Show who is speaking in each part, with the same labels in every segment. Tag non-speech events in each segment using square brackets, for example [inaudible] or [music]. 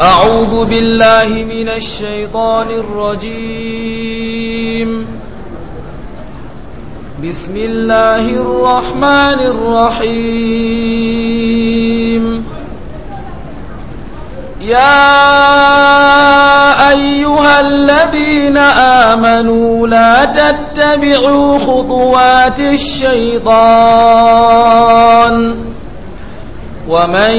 Speaker 1: أعوذ بالله من الشيطان الرجيم بسم الله الرحمن الرحيم يا أيها الذين آمنوا لا تتبعوا خطوات الشيطان ومن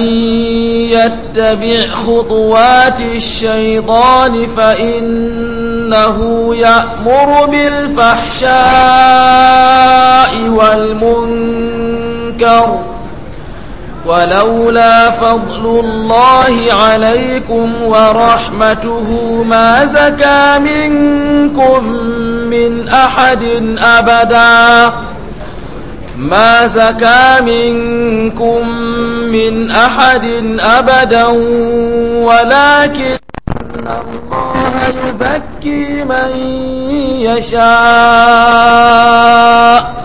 Speaker 1: يتبع خطوات الشيطان فإنه يأمر بالفحشاء والمنكر ولولا فضل الله عليكم ورحمته ما زكى منكم من أحد أبداً ما زكى منكم من أحد أبدا ولكن الله يزكي من يشاء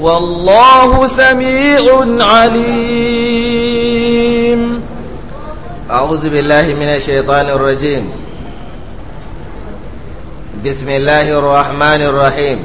Speaker 1: والله
Speaker 2: سميع عليم أعوذ بالله من الشيطان الرجيم بسم الله الرحمن الرحيم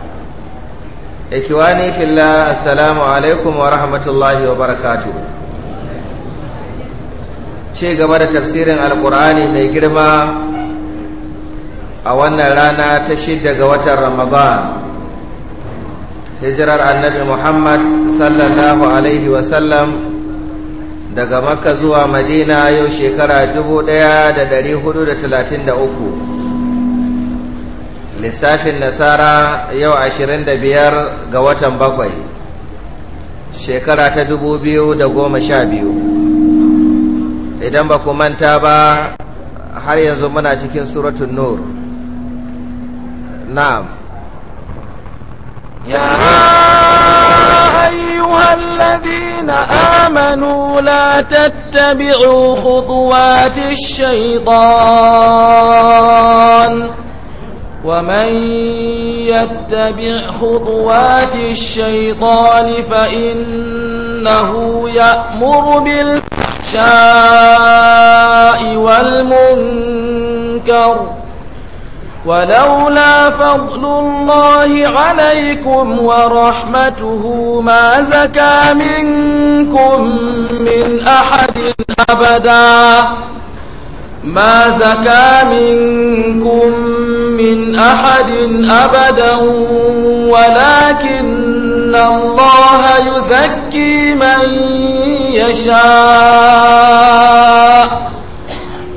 Speaker 2: ikiwani filla assalamu alaikum wa rahmatullahi wa barakatu ce gaba da tafsirin alkur'ani mai girma a wannan rana ta shidda ga watan ramadan hijirar annabi muhammad sallallahu alaihi wasallam daga makka zuwa madina yau shekara 1433 lissafin nasara yau 25 ga watan bakwai shekara ta 2012 idan ba ku manta ba har yanzu muna cikin suratun nur na'am
Speaker 1: أيها الذين آمنوا لا تتبعوا خطوات الشيطان ومن يتبع خطوات الشيطان فإنه يأمر بالفحشاء والمنكر ولولا فضل الله عليكم ورحمته ما زكى منكم من أحد أبدا ما زكى منكم من أحد أبدا ولكن الله يزكي من يشاء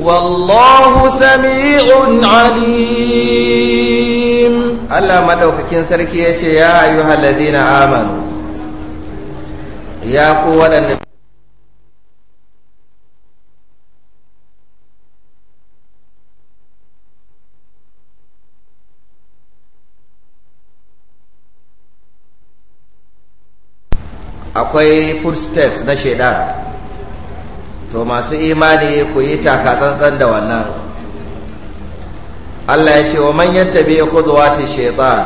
Speaker 2: والله سميع عليم الله مدوككين سركي يا أيها الذين آمنوا يا قوة النساء akwai footsteps na shaidan to masu imani ku yi takatsantsan da wannan Allah ya ce wa manyan tabi ta shaitan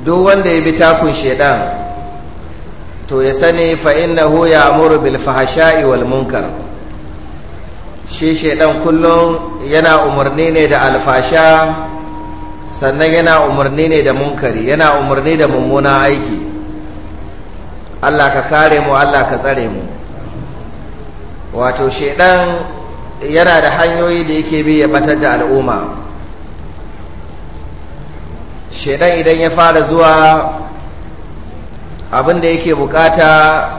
Speaker 2: duk wanda ya bi takun shaidan to ya sani fa innahu amuru bil fahasha'i wal munkar shi shaidan kullum yana umarni ne da alfasha sannan yana umarni ne da munkari yana umarni da mummunan aiki Allah ka kare mu Allah ka tsare mu wato shedan yana da hanyoyi da yake bi ya batar da al'umma shedan idan ya fara zuwa abin da yake bukata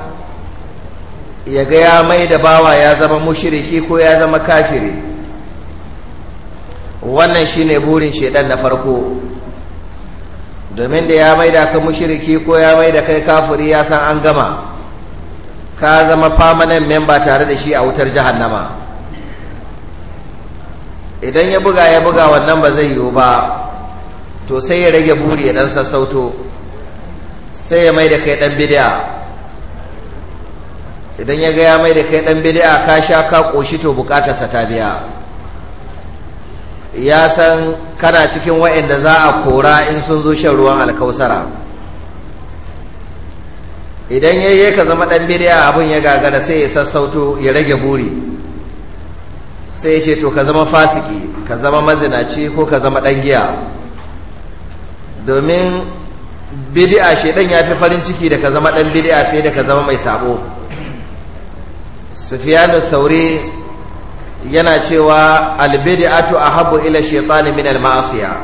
Speaker 2: ya ga ya mai da bawa ya zama mushiriki ko ya zama kafiri wannan shine burin shedan na farko domin da ya maida ka mushiriki ko ya maida kai kafuri ya san an gama ka zama permanent member tare da shi a wutar jahannama idan ya buga ya buga wannan ba zai yiwu ba to sai ya rage buri ya dan sassauto sai ya mai kai dan bid'a idan ya ga ya mai da kai dan bid'a ka sha ka koshi to bukatarsa ta biya ya san kana cikin waɗanda za a kora in sun zo shan ruwan alkausara idan ya yi ka zama ɗan birya abin ya gagara sai ya sassauto ya rage buri sai ya ce to ka zama fasiki ka zama mazinaci ko ka zama ɗan giya domin bidi'a shedan ya fi farin ciki da ka zama ɗan bidi'a fiye da ka zama mai sabo sufiyanu sauri yana cewa a ahabbu ila shaytani min al masiya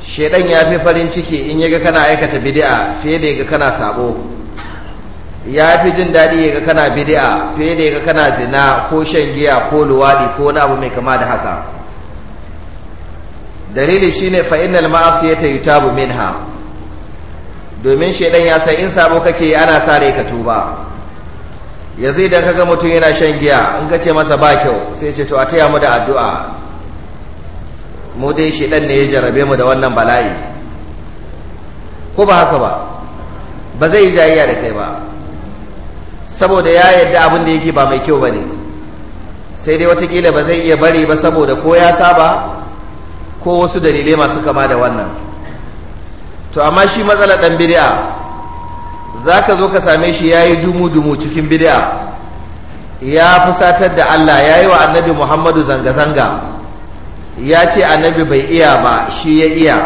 Speaker 2: shedan ya fi farin ciki in yaga kana aikata bidi'a, fiye da yaga kana sabo ya fi jin daɗi yaga kana bidi'a, fiye da yaga kana zina ko shan giya ko luwadi ko wani abu mai kama da haka dalili shine fa innal tabu yutabu minha domin shedan ya san in sabo kake ana sa rai ka tuba yanzu idan kaga mutum yana shan giya in ka ce masa ba kyau sai ce to a taya mu da addu'a mu dai dan ne ya jarabe mu da wannan bala'i ko ba haka ba ba zai yi jayayya da kai ba saboda ya yadda abin da yake ba mai kyau ba ne sai dai watakila ba zai iya bari ba saboda ko ya saba ko wasu dalilai masu kama da wannan to amma shi matsalar ɗan biri'a. za ka zo ka same shi ya yi dumu-dumu cikin bid'a ya fusatar da Allah ya yi wa annabi Muhammadu zanga-zanga ya ce annabi bai iya ba shi ya iya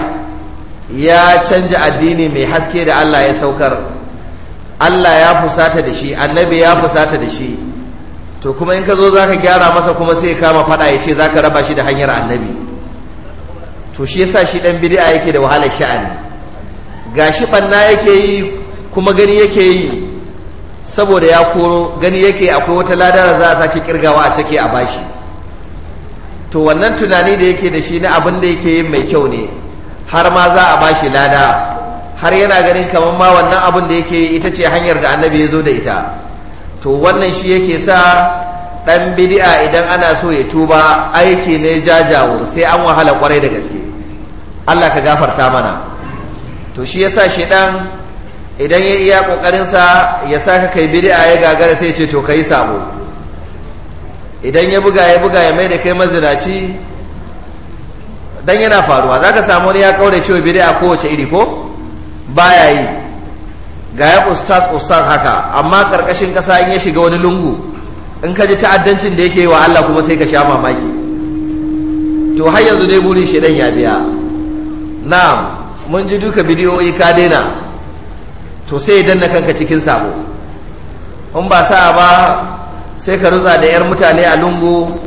Speaker 2: ya canja addini mai haske da Allah ya saukar Allah ya fusata da shi annabi ya fusata da shi to kuma in ka zo za ka gyara masa kuma sai kama fada ya ce za ka raba shi da hanyar annabi to shi yasa shi dan bid'a yake da wahalar sha'ani shi banna yake yi kuma gani yake yi saboda ya koro gani yake akwai wata ladara za a sake kirgawa a cike a bashi to wannan tunani da yake da shi na abin da yake yin mai kyau ne har ma za a bashi lada har yana ganin kamar ma wannan abin da yake ita ce hanyar da annabi ya zo da ita to wannan shi yake sa dan bidi'a idan ana so ya tuba aiki ne jajawo sai an wahala kwarai da gaske Allah ka gafarta mana to shi yasa shedan idan ya iya kokarinsa ya saka kai bid'a ya gagara sai ce to kai sabo idan ya buga ya buga ya mai da kai mazinaci dan yana faruwa zaka samu wani ya kaure cewa bid'a kowace iri ko baya yi ga ya ustaz ustaz haka amma karkashin kasa in ya shiga wani lungu in ka ji ta'addancin da yake wa Allah kuma sai ka sha mamaki to har yanzu dai burin dan ya biya na'am mun ji duka bidiyoyi ka daina to sai ya danna kanka cikin sabo in ba sa'a ba sai ka rutsa da 'yar mutane a lungu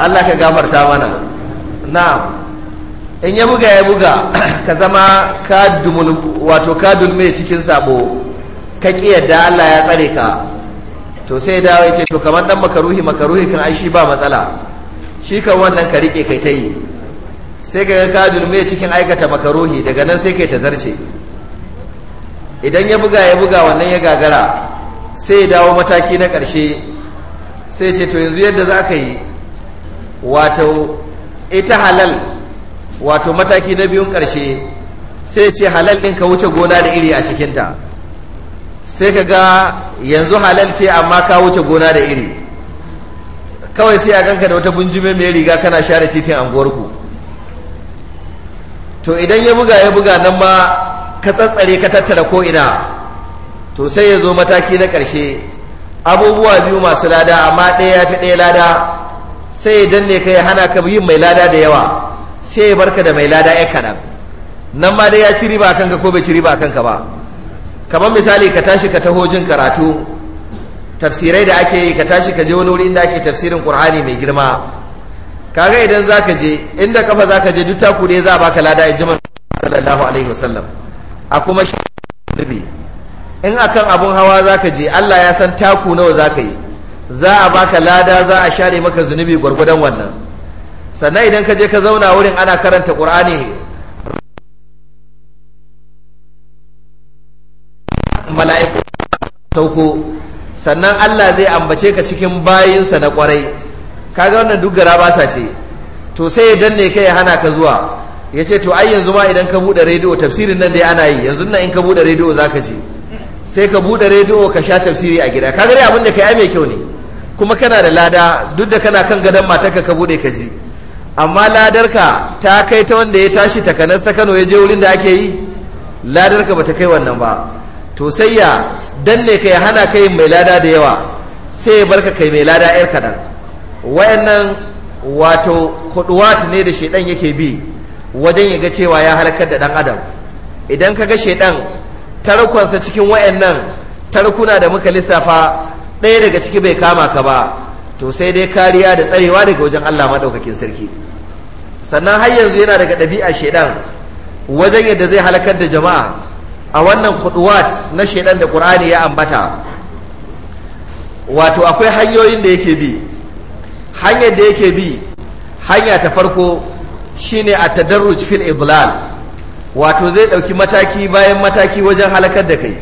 Speaker 2: Allah ka gafarta mana na in ya buga ya buga [clears throat] ka zama ka wato ka mai cikin sabo ka yadda Allah ya tsare ka to sai dawo ya ce to kamar dan makaruhi makaruhi kan ai shi ba matsala shi kan wannan ka rike kai ta yi sai ka ga ka cikin aikata makaruhi daga nan sai kai ta zarce idan ya buga ya buga wannan ya gagara sai ya dawo mataki na ƙarshe sai ce to yanzu yadda za ka yi wato ita halal wato mataki na biyun ƙarshe sai ce halal ɗin ka wuce gona da iri a cikinta sai ka ga yanzu halal ce amma ka wuce gona da iri kawai sai a ganka da wata bunjime mai riga kana share titin anguwarku to idan ya buga ya buga nan ma ka tsatsare ka tattara ko ina to sai ya zo mataki na ƙarshe abubuwa biyu masu lada amma ɗaya ya fi ɗaya lada sai ya danne ka ya hana ka yin mai lada da yawa sai ya barka da mai lada ya kaɗan nan ma dai ya ci riba kanka ko bai ci riba kanka ba kamar misali ka tashi ka taho jin karatu tafsirai da ake yi ka tashi ka je wani wuri inda ake tafsirin ƙur'ani mai girma kaga idan zaka je inda kafa zaka je duk taku dai za a baka lada a jima sallallahu alaihi wasallam a kuma shi in akan abun hawa zaka je Allah ya san taku nawa zaka yi za a baka lada za a share maka zunubi gwargwadon wannan sannan idan ka je ka zauna wurin ana karanta qur'ani mala'iku sauko sannan Allah zai ambace ka cikin bayinsa na kwarai kaga wannan duk gara sa ce to sai ya danne kai ya hana ka zuwa ya ce to ai yanzu ma idan ka buɗe rediyo tafsirin nan dai ana yi yanzu nan in ka buɗe rediyo za ka ce sai ka buɗe rediyo ka sha tafsiri a gida kaga dai abin da ka yi mai kyau ne kuma kana da lada duk da kana kan gadon matarka ka buɗe ka ji amma ladarka ta kai ta wanda ya tashi takanas ta kano ya je wurin da ake yi ladarka ba ta kai wannan ba to sai ya danne ka ya hana kai mai lada da yawa sai ya barka kai mai lada 'yar kaɗan wayannan wato kuduwat ne da shedan yake bi wajen ya ga cewa ya halakar da dan adam idan ka ga shedan tarkonsa cikin wayannan tarkuna da muka lissafa ɗaya daga ciki bai kama ka ba to sai dai kariya da tsarewa daga wajen Allah maɗaukakin sarki sannan har yanzu yana daga ɗabi'a shedan wajen yadda zai halakar da jama'a a wannan kuduwat na shedan da ƙur'ani ya ambata wato akwai hanyoyin da yake bi hanyar da yake bi hanya ta farko shine a tadarruj fil idlal wato zai ɗauki mataki bayan mataki wajen halakar da kai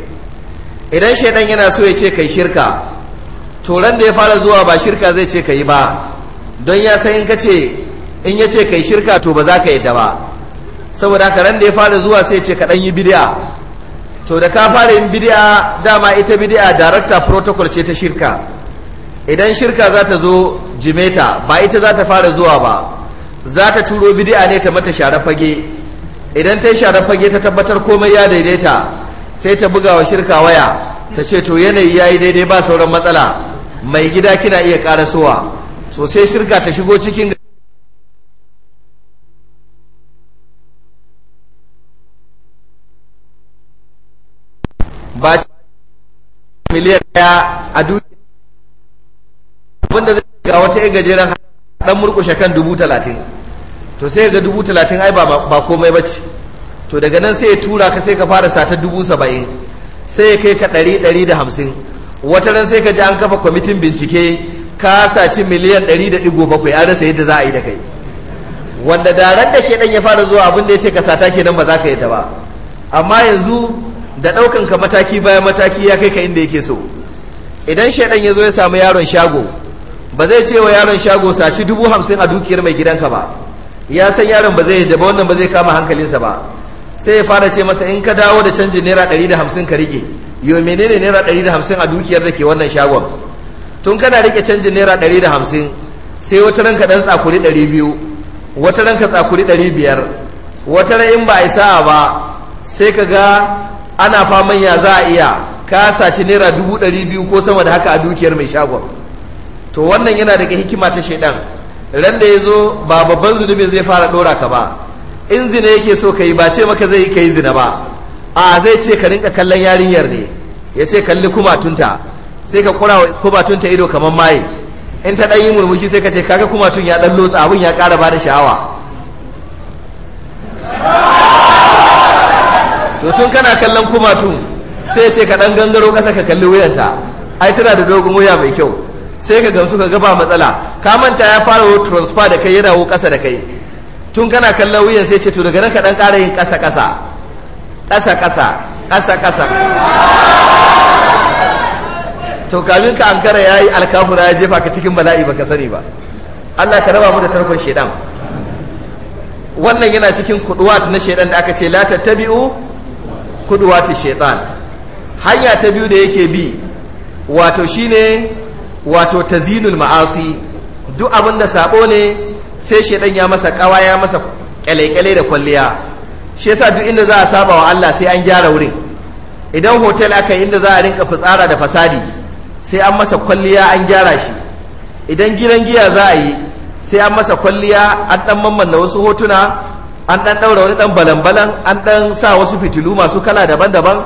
Speaker 2: idan shaidan yana so ya ce kai shirka to ran da ya fara zuwa ba shirka zai ce kai ba don ya san in ka ce in ya ce kai shirka to ba za ka yadda ba saboda haka ran da ya fara zuwa sai ce ka dan yi bid'a to da ka fara yin bid'a dama ita bid'a director protocol ce ta shirka idan shirka za ta zo jimeta ba ita za ta fara zuwa ba za ta turo bidi'a ne ta mata share fage idan ta yi share fage ta tabbatar komai ya daidaita sai ta buga wa shirka waya ta ce to yanayi ya yi daidai ba sauran matsala mai gida kina iya karasowa so sai shirka ta shigo cikin ba miliyan daya a duniya wanda ga wata ya gajeren dan murkushe kan dubu talatin to sai ga dubu talatin ai ba komai ba ce to daga nan sai ya tura ka sai ka fara sata dubu saba'in sai ya kai ka ɗari ɗari da hamsin wata ran sai ka ji an kafa kwamitin bincike ka saci miliyan ɗari da ɗigo bakwai an rasa yadda za a yi da kai wanda da ran da shaidan ya fara zuwa abin da ya ce ka sata kenan ba za ka yadda ba amma yanzu da ɗaukan ka mataki bayan mataki ya kai ka inda yake so idan shaidan ya zo ya samu yaron shago ba zai ce wa yaron shago saci dubu hamsin a dukiyar mai gidanka ba ya san yaron ba zai ba wannan ba zai kama hankalinsa ba sai ya fara ce masa in ka dawo da canjin naira ɗari da hamsin ka rike yo menene naira ɗari da hamsin a dukiyar da ke wannan shagon tun kana rike canjin naira ɗari da hamsin sai wata ranka ɗan tsakuri ɗari biyu wata ranka tsakuri ɗari biyar wata ran in ba a yi sa'a ba sai ka ga ana faman ya za a iya ka saci naira dubu ɗari biyu ko sama da haka a dukiyar mai shagon to wannan yana daga hikima ta shaidan ran da ya zo ba babban zunubin zai fara ɗora ka ba in zina yake so ka yi ba ce maka zai yi ka yi zina ba a zai ce ka rinka kallon yarinyar ne ya ce kalli kumatunta sai ka kura kumatunta ido kamar maye in ta ɗan yi murmushi sai ka ce kaga kumatun ya ɗan lotsa abin ya ƙara ba da sha'awa to tun kana kallon kumatun sai ya ce ka ɗan gangaro ƙasa ka kalli wuyanta ai tana da dogon wuya mai kyau sai ka gamsu ka gaba matsala ka manta ya fara wo transfer da kai yana wo kasa da kai tun kana kallon wuyan sai ce to daga nan ka dan ƙara yin ƙasa ƙasa ƙasa ƙasa ƙasa ƙasa to kamin ka ankara ya alkafura ya jefa ka cikin bala'i baka sani ba Allah ka raba mu da tarkon shedan wannan yana cikin kuduwat na shedan da aka ce la tattabi'u kuduwat shedan hanya ta biyu da yake bi wato shine wato tazinul ma'asi duk abin da sabo ne sai shaidan ya masa kawa ya masa kyale-kyale da kwalliya shi yasa duk inda za a saba wa Allah sai an gyara wurin idan hotel aka yi inda za a rinka fitsara da fasadi sai an masa kwalliya an gyara shi idan gidan giya za a yi sai an masa kwalliya an dan mamman wasu hotuna an dan daura wani dan balan-balan an dan sa wasu fitilu masu kala daban-daban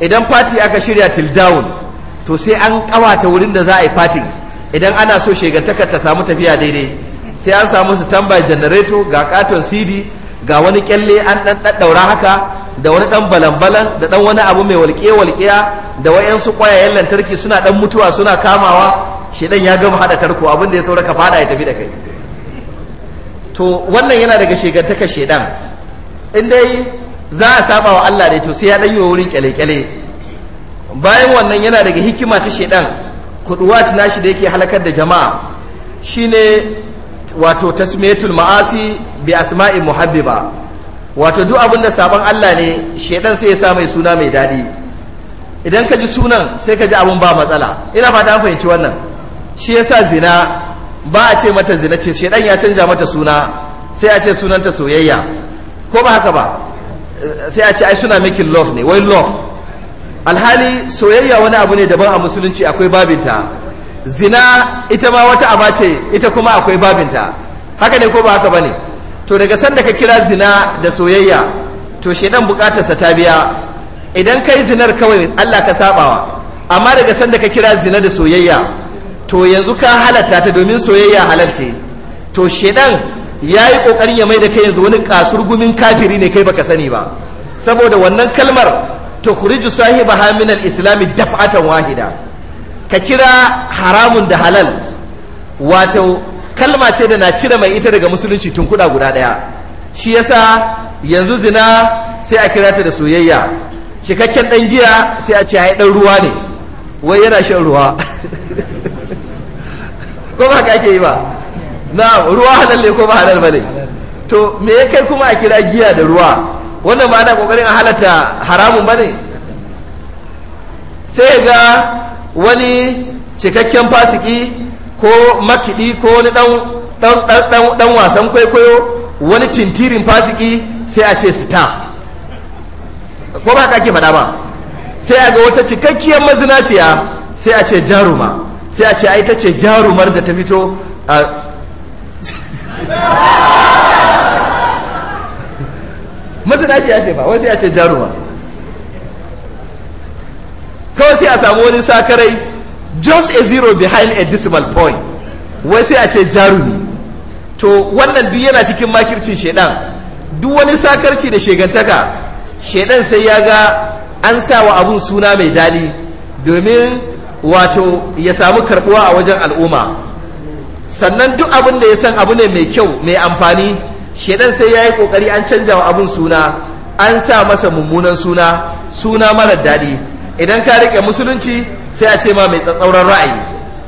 Speaker 2: idan fati aka shirya till down to sai an kawata wurin da za a yi fatin idan ana so shegantakar ta samu tafiya daidai sai an samu su tambaya janareto ga katon cd ga wani kyalle an dan daddaura haka da wani dan balan-balan da dan wani abu mai walƙe-walƙiya da wayansu ƙwayayen lantarki suna dan mutuwa suna kamawa dan ya gama hada tarko abin da ya sauraka fada ya tafi da kai to wannan yana daga shegantakar shedan in dai za a saba wa Allah ne to sai ya dan yi wurin kyale-kyale bayan wannan yana daga hikima ta shaidan kuduwat nashi da yake halakar da jama'a shine wato tasmiyatul ma'asi bi asma'i muhabbiba wato duk abin da sabon Allah ne shaidan sai ya sa mai suna mai dadi idan ka ji sunan sai ka ji abin ba matsala ina fata an fahimci wannan shi yasa zina ba a ce mata zina ce shaidan ya canja mata suna sai a ce sunanta soyayya ko ba haka ba sai a ce ai suna making love ne wai love alhali soyayya wani abu ne daban a musulunci akwai babinta zina ita ma wata aba ce ita kuma akwai babinta haka ne ko ba haka bane to daga sanda ka kira zina da soyayya to shedan bukatarsa ta biya idan kai zinar kawai Allah ka sabawa amma daga sanda ka kira zina da soyayya to yanzu ka halatta ta domin soyayya halalce to shedan yayi kokarin ya mai da kai yanzu wani kasurgumin kafiri ne kai baka sani ba saboda wannan kalmar tukhriju sahibaha min al-islam daf'atan wahida ka kira haramun da halal wato kalma ce da na cire mai ita daga musulunci tun kuɗa guda ɗaya shi yasa yanzu zina sai a kira ta da soyayya cikakken ɗan giya sai a ce ai dan ruwa ne wai yana shan ruwa [laughs] ko ba ka ake yi ba na ruwa halal ne ko ba halal ba ne to me ya kai kuma a kira giya da ruwa wannan ba ana kokarin a halatta haramun ba ne sai ga wani cikakken fasiki ko makiɗi ko wani ɗan wasan kwaikwayo wani tintirin fasiki sai a ce sita ko ba ka ke faɗa ba sai a ga wata cikakkiyar mazinaciya sai a ce jaruma sai a ce ai ta ce jarumar da ta fito a [laughs] mazinaci ya ce ba wasu ya ce jaruma kawai sai a samu wani sakarai just a zero behind a decimal point wai sai ce jarumi to wannan duk yana cikin makircin shedan duk wani sakarci da shegantaka shedan sai ya ga an sa wa abun suna mai daɗi domin wato ya samu karbuwa a wajen al'umma sannan duk abin da ya san abu ne mai kyau mai amfani shedan sai ya yi kokari an canja wa abun suna an sa masa mummunan suna suna mara daɗi idan ka riƙe musulunci sai a ce ma mai tsatsauran ra'ayi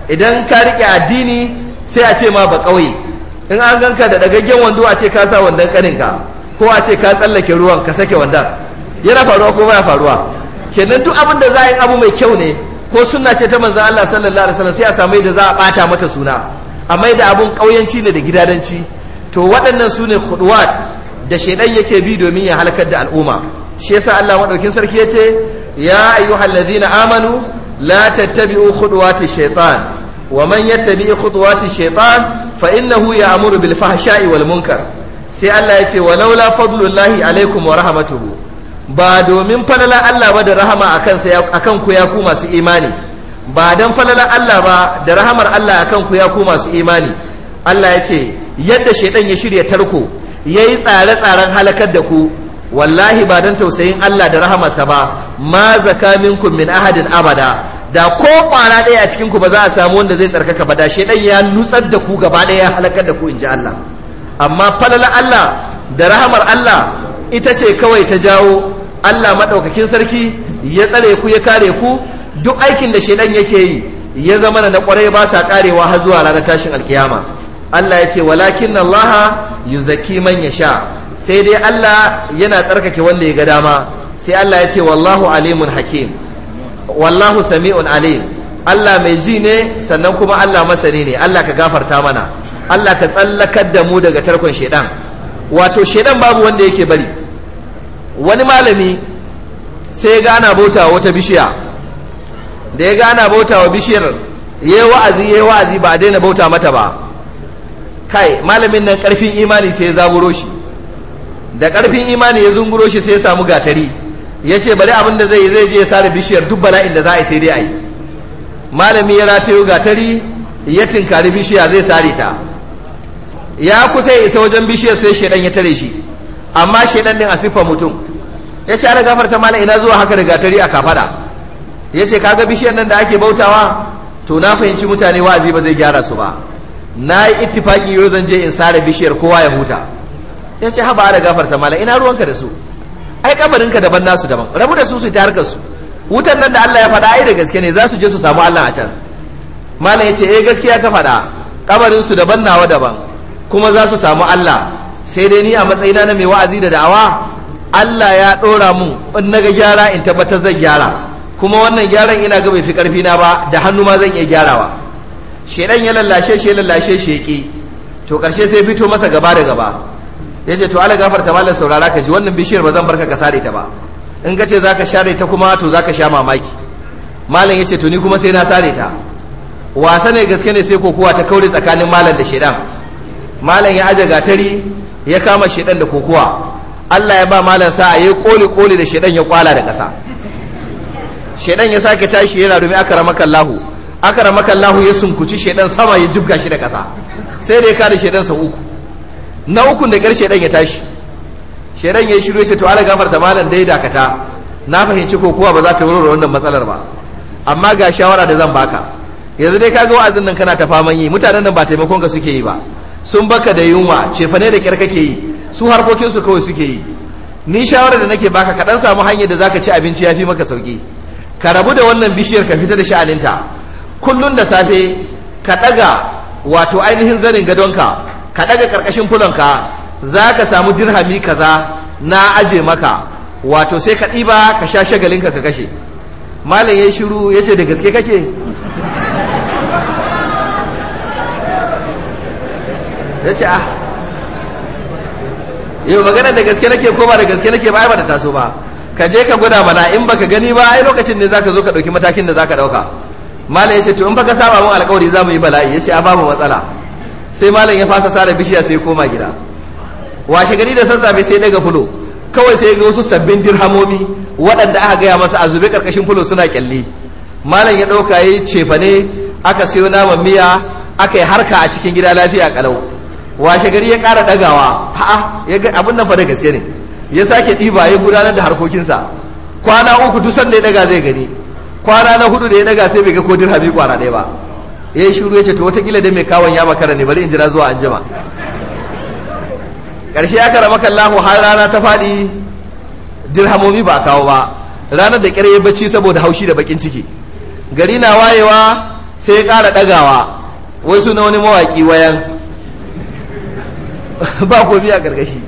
Speaker 2: idan ka riƙe addini sai a ce ma ba ƙauye in an ganka da ɗagaggen wando a ce ka sa wandon ƙaninka ko a ce ka tsallake ruwan ka sake wandon yana faruwa ko baya faruwa kenan duk abin da za a yi abu mai kyau ne ko suna ce ta manzan Allah sallallahu alaihi wasallam sai a samu yadda za a bata mata suna amma da abun ƙauyanci ne da gidadanci to waɗannan su ne khudwat da shaidan yake bi domin ya halakar da al'umma shi yasa Allah madaukin sarki ya ce ya ayyuhal ladhina amanu la tattabi'u khudwati shaitan wa man yattabi'u khudwati shaitan fa innahu ya'muru bil fahsha'i wal munkar sai Allah ya ce walaula fadlullahi alaikum wa rahmatuhu ba domin falala Allah ba da rahama akan sa akan ku ya ku masu imani ba dan falala Allah ba da rahamar Allah akan ku ya ku masu imani Allah ya ce yadda shaidan ya shirya tarko ya yi tsare-tsaren halakar da ku wallahi ba don tausayin Allah da rahamarsa ba ma zaka minkum min ahadin abada da ko kwana ɗaya a cikinku ba za a samu wanda zai tsarkaka ba da shaidan ya nutsar da ku gaba ɗaya halakar da ku in ji Allah amma falala Allah da rahamar Allah ita ce kawai ta jawo Allah maɗaukakin sarki ya tsare ku ya kare ku duk aikin da shaidan yake yi ya zama na kwarai ba sa karewa har zuwa ranar tashin alkiyama Allah ya ce walakin Allah yuzaki man ya sha sai dai Allah yana tsarkake wanda ya ga dama sai Allah ya ce wallahu alimun hakim wallahu sami'un alim Allah mai ji ne sannan kuma Allah masani ne Allah ka gafarta mana Allah ka tsallakar da mu daga tarkon shedan wato shedan babu wanda yake bari wani malami sai ya gana bauta wata bishiya da ya gana bauta wa bishiyar yayi wa'azi yayi wa'azi ba a daina bauta mata ba kai malamin nan karfin imani sai ya zaburo shi da karfin imani ya zunguro shi sai ya samu gatari ya ce bari abin da zai yi zai je ya sare bishiyar duk bala'in da za a yi sai dai a yi malami ya ratayo gatari ya tinkari bishiya zai sare ta ya kusa ya isa wajen bishiyar sai shaidan ya tare shi amma shaidan din a siffa mutum ya ce ana gafarta mala ina zuwa haka da gatari a kafada ya ce kaga bishiyar nan da ake bautawa to na fahimci mutane wa'azi ba zai gyara su ba na yi ittifaki yau zan je in sare bishiyar kowa ya huta ya ce haba da gafarta mala ina ruwanka da su ai kabarinka daban nasu daban rabu da su su ta su wutan nan da Allah ya faɗa ai da gaske ne za su je su samu Allah a can mala ya ce eh gaskiya ka faɗa kabarin su daban nawa daban kuma za su samu Allah sai dai ni a matsayina na mai wa'azi da da'awa Allah ya ɗora mun in na ga gyara in tabbatar zan gyara kuma wannan gyaran ina ga bai fi karfi na ba da hannu ma zan iya gyarawa shedan ya lallashe shi ya lallashe shi yake to karshe sai fito masa gaba da gaba ya ce to ala gafarta malam saurara ka ji wannan bishiyar ba zan barka ka sare ta ba in ka ce za ka share ta kuma to za ka sha mamaki malam ya ce to ni kuma sai na sare ta wasa ne gaske ne sai kokowa ta kaure tsakanin malam da shedan malam ya aje gatari ya kama shedan da kokowa Allah ya ba malam sa yi koli koli da shedan ya kwala da ƙasa shedan ya sake tashi yana rumi aka ramakan lahu aka ramaka kallahu ya sunkuci shaidan sama ya jibga shi da ƙasa sai da ya kada shaidan sau uku na ukun da ƙarshe shaidan ya tashi shaidan ya shiru ya ce to ala gafarta malam dai dakata na fahimci ko kuwa ba za ta wurin wannan matsalar ba amma ga shawara da zan baka yanzu dai kaga wa'azin nan kana ta faman yi mutanen nan ba taimakon ka suke yi ba sun baka da yunwa cefane da kyar kake yi su harkokinsu kawai suke yi ni shawarar da nake baka kaɗan samu hanyar da zaka ci abinci ya fi maka sauki ka rabu da wannan bishiyar ka fita da sha'aninta kullun da safe ka ɗaga wato ainihin zanin gadonka ka ɗaga ƙarƙashin fulonka za ka samu dirhami kaza na aje maka wato sai ka ɗiba ka sha shagalinka ka kashe malam ya shiru ya ce da gaske kake ya ce ah yau magana da gaske nake ko ba da gaske nake ba ba ta taso ba ka je ka gwada mana in baka gani ba ai lokacin ne zaka zo ka ɗauki matakin da zaka ɗauka. malam ya ce to in baka saba mun alƙawari za mu yi bala'i ya ce a babu matsala sai malam ya fasa sare bishiya sai koma gida washe gari da sassafe sai daga fulo kawai sai ga wasu sabbin dirhamomi waɗanda aka gaya masa a zube ƙarƙashin fulo suna ƙyalli malam ya ɗauka ya yi cefane aka siyo naman miya aka yi harka a cikin gida lafiya kalau washe gari ya ƙara ɗagawa ha'a abin nan fa da gaske ne ya sake ɗiba ya gudanar da harkokinsa kwana uku duk sanda ya daga zai gani kwana na hudu da ya daga sai bai ga ko dirhami kwana ɗaya ba ya yi shiru ya ce to watakila dai mai kawon ya makara ne bari in jira zuwa anjima ƙarshe ya kara maka lahu har rana ta faɗi dirhamomi ba a kawo ba ranar da ƙyar ya bacci saboda haushi da bakin ciki gari na wayewa sai ya ƙara ɗagawa wai suna wani mawaƙi wayan [laughs] ba komi a ƙarƙashi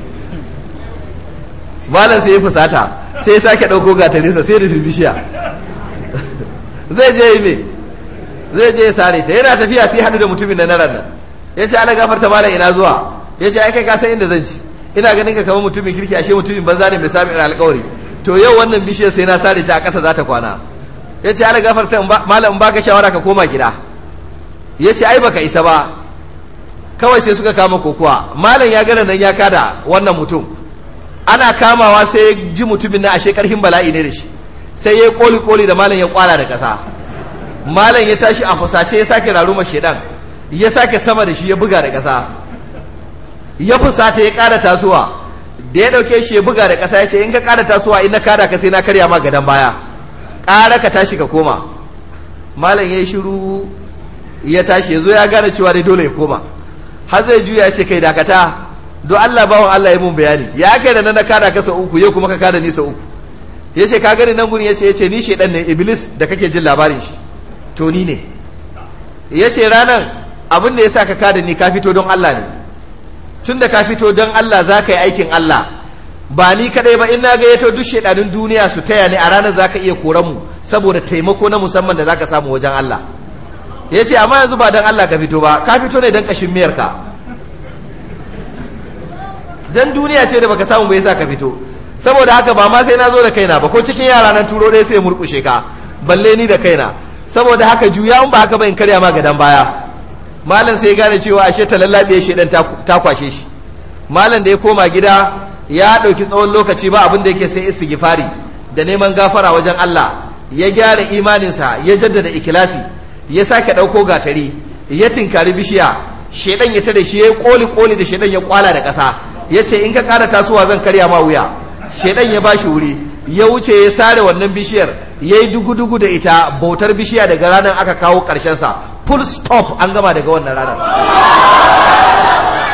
Speaker 2: malam sai ya fusata sai ya sake ɗauko gatarinsa sai da bishiya zai je me zai je sare ta yana tafiya sai hadu da mutumin da na nan ya ce ana gafarta malam ina zuwa ya ce ai ka san inda zan ci ina ganin ka kamar mutumin kirki ashe mutumin banza ne mai sami alkawari to yau wannan bishiyar sai na sare ta a kasa za ta kwana ya ce ana gafarta malam baka shawara ka koma gida ya ce ai baka isa ba kawai sai suka kama kokuwa malam ya gana nan ya kada wannan mutum ana kamawa sai ji mutumin na ashe karhin bala'i ne da shi sai ya koli koli da malam ya kwala da ƙasa malam ya tashi a fusace ya sake raruma shedan ya sake sama da shi ya buga da ƙasa ya fusata ya ƙara tasowa da ya ɗauke shi ya buga da ƙasa ya ce in ka ƙara tasowa in na kada ka sai na karya ma gadan baya ƙara ka tashi ka koma malam ya yi shiru ya tashi ya zo ya gane cewa dai dole ya koma har zai juya ce kai dakata don Allah bawon Allah ya mun bayani ya kai da na kada ka sa uku ya kuma ka kada ni sa uku ya ce ka gani nan guri ya ce ya ce ni shaidan ne iblis da kake jin labarin shi to ni ne ya ce ranar abin da ya sa ka kada ni ka fito don Allah ne tun da ka fito don Allah za ka yi aikin Allah ba ni kadai ba ina ga yato duk shaidanin duniya su taya ni a ranar za ka iya koran mu saboda taimako na musamman da za ka samu wajen Allah ya ce amma yanzu ba don Allah ka fito ba ka fito ne don kashin miyarka don duniya ce da baka samu bai sa ka fito saboda haka ba ma sai na zo da kaina ba ko cikin yara na turo dai sai murkushe ka balle ni da kaina saboda haka juya in ba haka ba in karya ma gadan baya malam sai ya gane cewa ashe ta lallabe shi dan ta kwashe shi malam da ya koma gida ya ɗauki tsawon lokaci ba abin da yake sai istighfari da neman gafara wajen Allah ya gyara imaninsa ya jaddada ikilasi ya sake ɗauko gatari ya tinkari bishiya shedan ya tare shi ya koli koli da shedan ya kwala da ƙasa yace in ka ƙara tasowa zan karya ma wuya shedan ya bashi wuri ya wuce ya sare wannan bishiyar ya yi dugu da ita bautar bishiya daga ranar aka kawo sa full stop an gama daga wannan ranar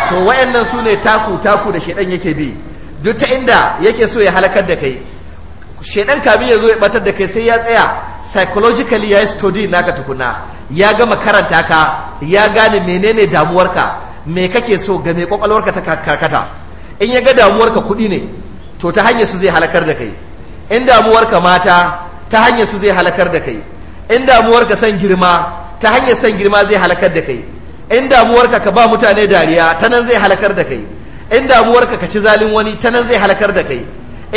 Speaker 2: to wayannan su ne taku-taku da shedan yake bi duk ta inda yake so ya halakar da kai shedan kamin ya zo ya batar da kai sai ya tsaya psychologically ya yi study naka tukuna ya gama karanta ka ya gane menene damuwarka me kake so game me kwakwalwarka ta karkata in ya ga damuwarka kuɗi ne to ta hanyar su zai halakar da kai in damuwarka mata ta hanyar su zai halakar da kai in damuwarka san girma ta hanyar san girma zai halakar da kai in damuwarka ka ba mutane dariya ta nan zai halakar da kai in damuwarka ka ci zalin wani ta nan zai halakar da kai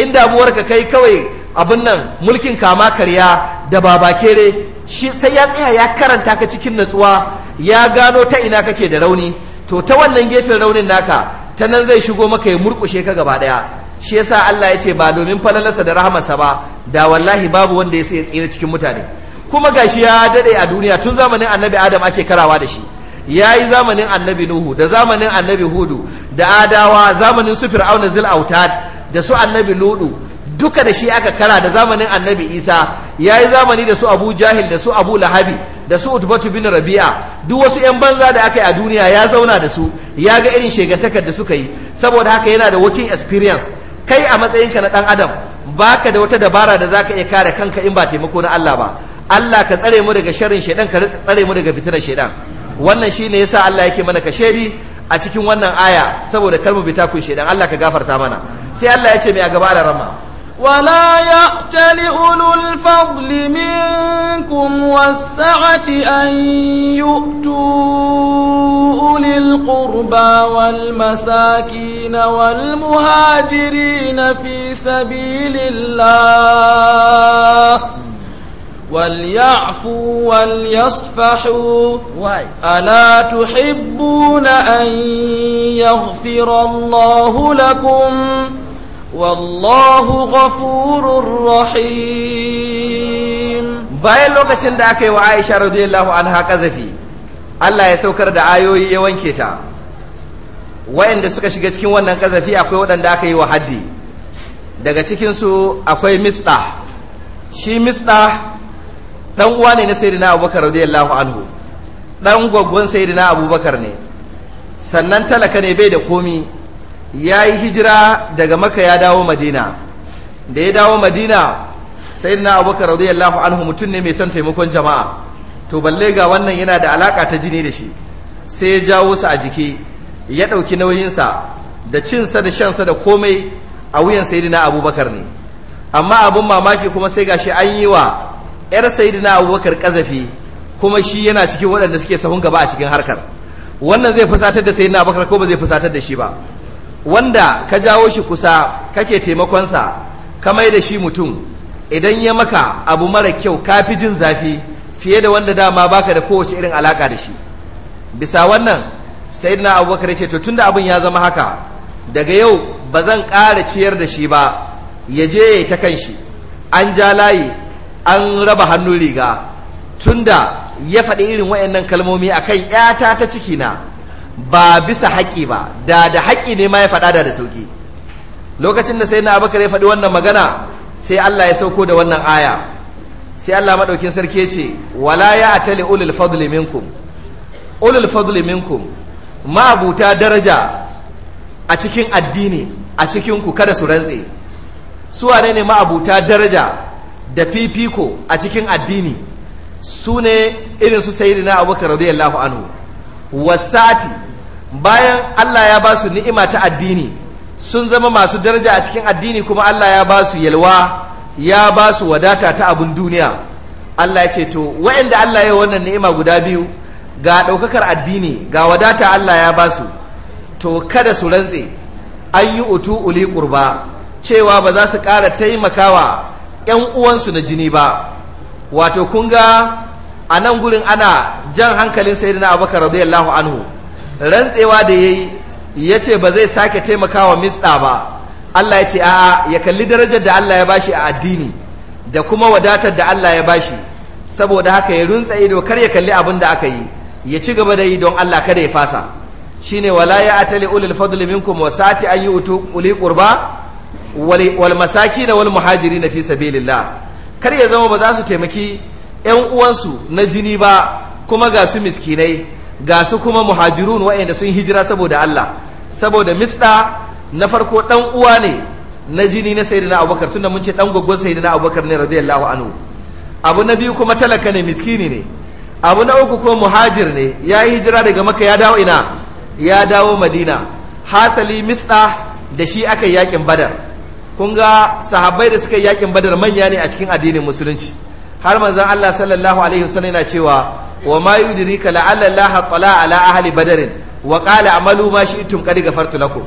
Speaker 2: in ka kai kawai abin nan mulkin kama karya da baba kere shi sai ya tsaya ya karanta ka cikin natsuwa ya gano ta ina kake da rauni to ta wannan gefen raunin naka ta nan zai shigo maka ya murƙushe ka gaba ɗaya shi yasa Allah ya ce ba domin falalarsa da rahamarsa ba da wallahi babu wanda ya sai tsira cikin mutane kuma gashi ya dade a duniya tun zamanin annabi adam ake karawa da shi ya yi zamanin annabi nuhu da zamanin annabi hudu da adawa zamanin su fir'auna zil autad da su annabi ludu duka da shi aka kara da zamanin annabi isa ya yi zamani da su abu jahil da su abu lahabi da su utubatu bin rabi'a duk wasu 'yan banza da aka yi a duniya ya zauna da su ya ga irin shegantakar da suka yi saboda haka yana da working experience kai a matsayinka na ɗan adam baka da wata dabara da zaka iya kare kanka in ba taimako na Allah ba Allah ka tsare mu daga sharrin shaidan ka tsare mu daga fitinar shaidan wannan shine yasa Allah yake mana kashedi a cikin wannan aya saboda kar mu bi takun shaidan Allah ka gafarta mana sai Allah ya ce mai a gaba da rama
Speaker 1: ولا يأتل أولو الفضل منكم والسعة أن يؤتوا أولي القربى والمساكين والمهاجرين في سبيل الله وليعفوا وليصفحوا ألا تحبون أن يغفر الله لكم ؟ wallahu
Speaker 2: ghafurur rahim bayan lokacin da aka yi wa Aisha radiyallahu anha kazafi Allah ya saukar da ayoyi ya wanke ta wayanda suka shiga cikin wannan kazafi akwai waɗanda aka yi wa haddi daga cikin su akwai misda shi misda dan uwa ne na sayyidina Abubakar radiyallahu anhu dan gwaggon sayyidina Abubakar ne sannan talaka ne bai da komi ya yi hijira daga maka ya dawo madina da ya dawo madina sai na abubakar radiyallahu anhu mutum ne mai son taimakon jama'a to balle ga wannan yana da alaka ta jini da shi sai ya jawo sa a jiki ya ɗauki nauyinsa da cinsa da shansa da komai a wuyan sayidina abubakar ne amma abin mamaki kuma sai gashi an yi wa 'yar sayidina abubakar ƙazafi kuma shi yana cikin waɗanda suke sahun gaba a cikin harkar wannan zai fusatar da sayidina abubakar ko ba zai fusatar da shi ba wanda ka jawo shi kusa kake taimakonsa ka mai da shi mutum idan ya maka abu mara kyau ka fi jin zafi fiye da wanda dama baka da kowace irin alaka da shi bisa wannan sai na abubakar ya ce to tunda abin ya zama haka daga yau ba zan ƙara ciyar da shi ba ya je ya ta kan shi an ja layi an raba hannun riga tunda ya faɗi irin waɗannan kalmomi akan 'yata ta ciki na. ba bisa haƙi ba da da haƙi ne ma ya faɗa da da sauƙi lokacin da sai na abakar ya faɗi wannan magana sai Allah ya sauko da wannan aya sai Allah maɗaukin sarki ce wala ya tali ulul fadli minkum ulul fadli minkum daraja a cikin addini a cikin kada su rantse su wane ne ma'abuta daraja da fifiko a cikin addini su ne irin su sayyidina abubakar radiyallahu anhu wasati bayan Allah ya ba su ni'ima ta addini sun zama masu daraja a cikin addini kuma Allah ya ba su yalwa ya ba su wadata ta abin duniya Allah ya ce to waɗanda Allah ya wannan ni'ima guda biyu ga ɗaukakar addini ga wadata Allah ya ba su to kada su rantse an yi utu uli kurba cewa ba za su ƙara taimakawa 'yan uwansu na jini ba wato kun ga a nan gurin ana jan hankalin sayyidina abubakar radiyallahu anhu rantsewa da ya yi ya ce ba zai sake taimakawa misda ba Allah ya ce a'a ya kalli darajar da Allah ya bashi a addini da kuma wadatar da Allah ya bashi saboda haka ya runtsa ido kar ya kalli abin da aka yi ya ci gaba da yi don Allah kada ya fasa shine wala ya atali ulul fadli minkum wa sati an yutu uli qurba wal masakin wal muhajirin fi sabilillah kar ya zama ba za su taimaki yan uwansu na jini ba kuma ga su miskinai ga su kuma muhajirun waɗanda sun hijira saboda Allah saboda misda na farko dan uwa ne na jini na sayyidina abubakar tunda mun ce dan gwaggon sayyidina abubakar ne radiyallahu anhu abu na biyu kuma talaka ne miskini ne abu na uku ko muhajir ne ya yi hijira daga maka ya dawo ina ya dawo madina hasali misda da shi aka yakin badar kun ga sahabbai da suka yi yakin badar manya ne a cikin addinin musulunci har manzon Allah sallallahu alaihi wasallam yana cewa wa ma yudrika la'alla Allah tala ala ahli badr wa qala amalu ma shi'tum qad ghafartu lakum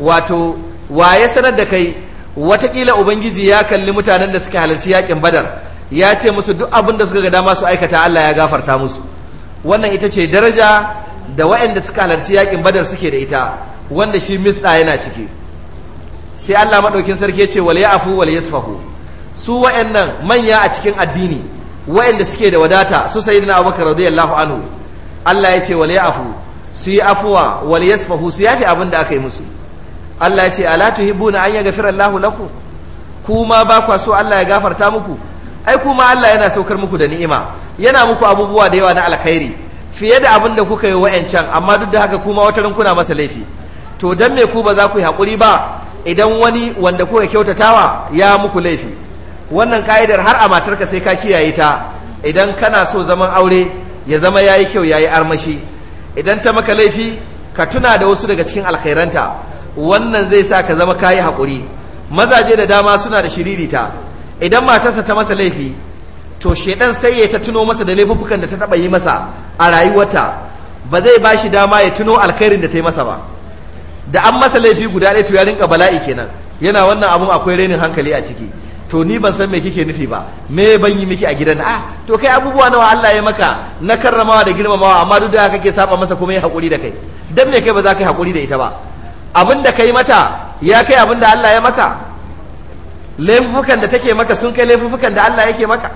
Speaker 2: wato wa ya sanar da kai watakila ubangiji ya kalli mutanen da suka halarci yakin badar ya ce musu duk abin da suka ga dama su aikata Allah ya gafarta musu wannan ita ce daraja da waɗanda suka halarci yakin badar suke da ita wanda shi misda yana ciki sai Allah madaukin sarki ya ce wal ya'fu wal yasfahu su wa'annan manya a cikin addini wa'anda suke da wadata su sai sayyidina abubakar radiyallahu anhu Allah ya ce ya afu su yi afuwa ya yasfahu su yafi abin da aka yi musu Allah ya ce ala na an yaghfira Allahu kuma ba kwa so Allah ya gafarta muku ai kuma Allah yana saukar muku da ni'ima yana muku abubuwa da yawa na alkhairi fiye da abin da kuka yi wa'ancan amma duk da haka kuma wata kuna masa laifi to dan me ku ba za ku yi hakuri ba idan wani wanda kuka kyautatawa ya muku laifi wannan ka'idar har a matarka sai ka kiyaye ta idan kana so zaman aure ya zama ya yi kyau ya yi armashi idan ta maka laifi ka tuna da wasu daga cikin alkhairanta wannan zai sa ka zama ka yi haƙuri mazaje da dama suna da shiririta idan matarsa ta masa laifi to shedan sai ya ta tuno masa da laifukan da ta taba yi masa a rayuwarta ba zai ba shi dama ya tuno alkhairin da ta yi masa ba da an masa laifi guda ɗaya to ya rinka bala'i kenan yana wannan abun akwai rainin hankali a ciki to ni ban san me kike nufi ba me ban yi miki a gidan ah to kai abubuwa nawa Allah ya maka na karramawa da girmamawa amma duk da kake saba masa kuma ya hakuri da kai dan me kai ba za ka yi hakuri da ita ba abin da kai mata ya kai abin da Allah ya maka laifukan da take maka sun kai laifukan da Allah yake maka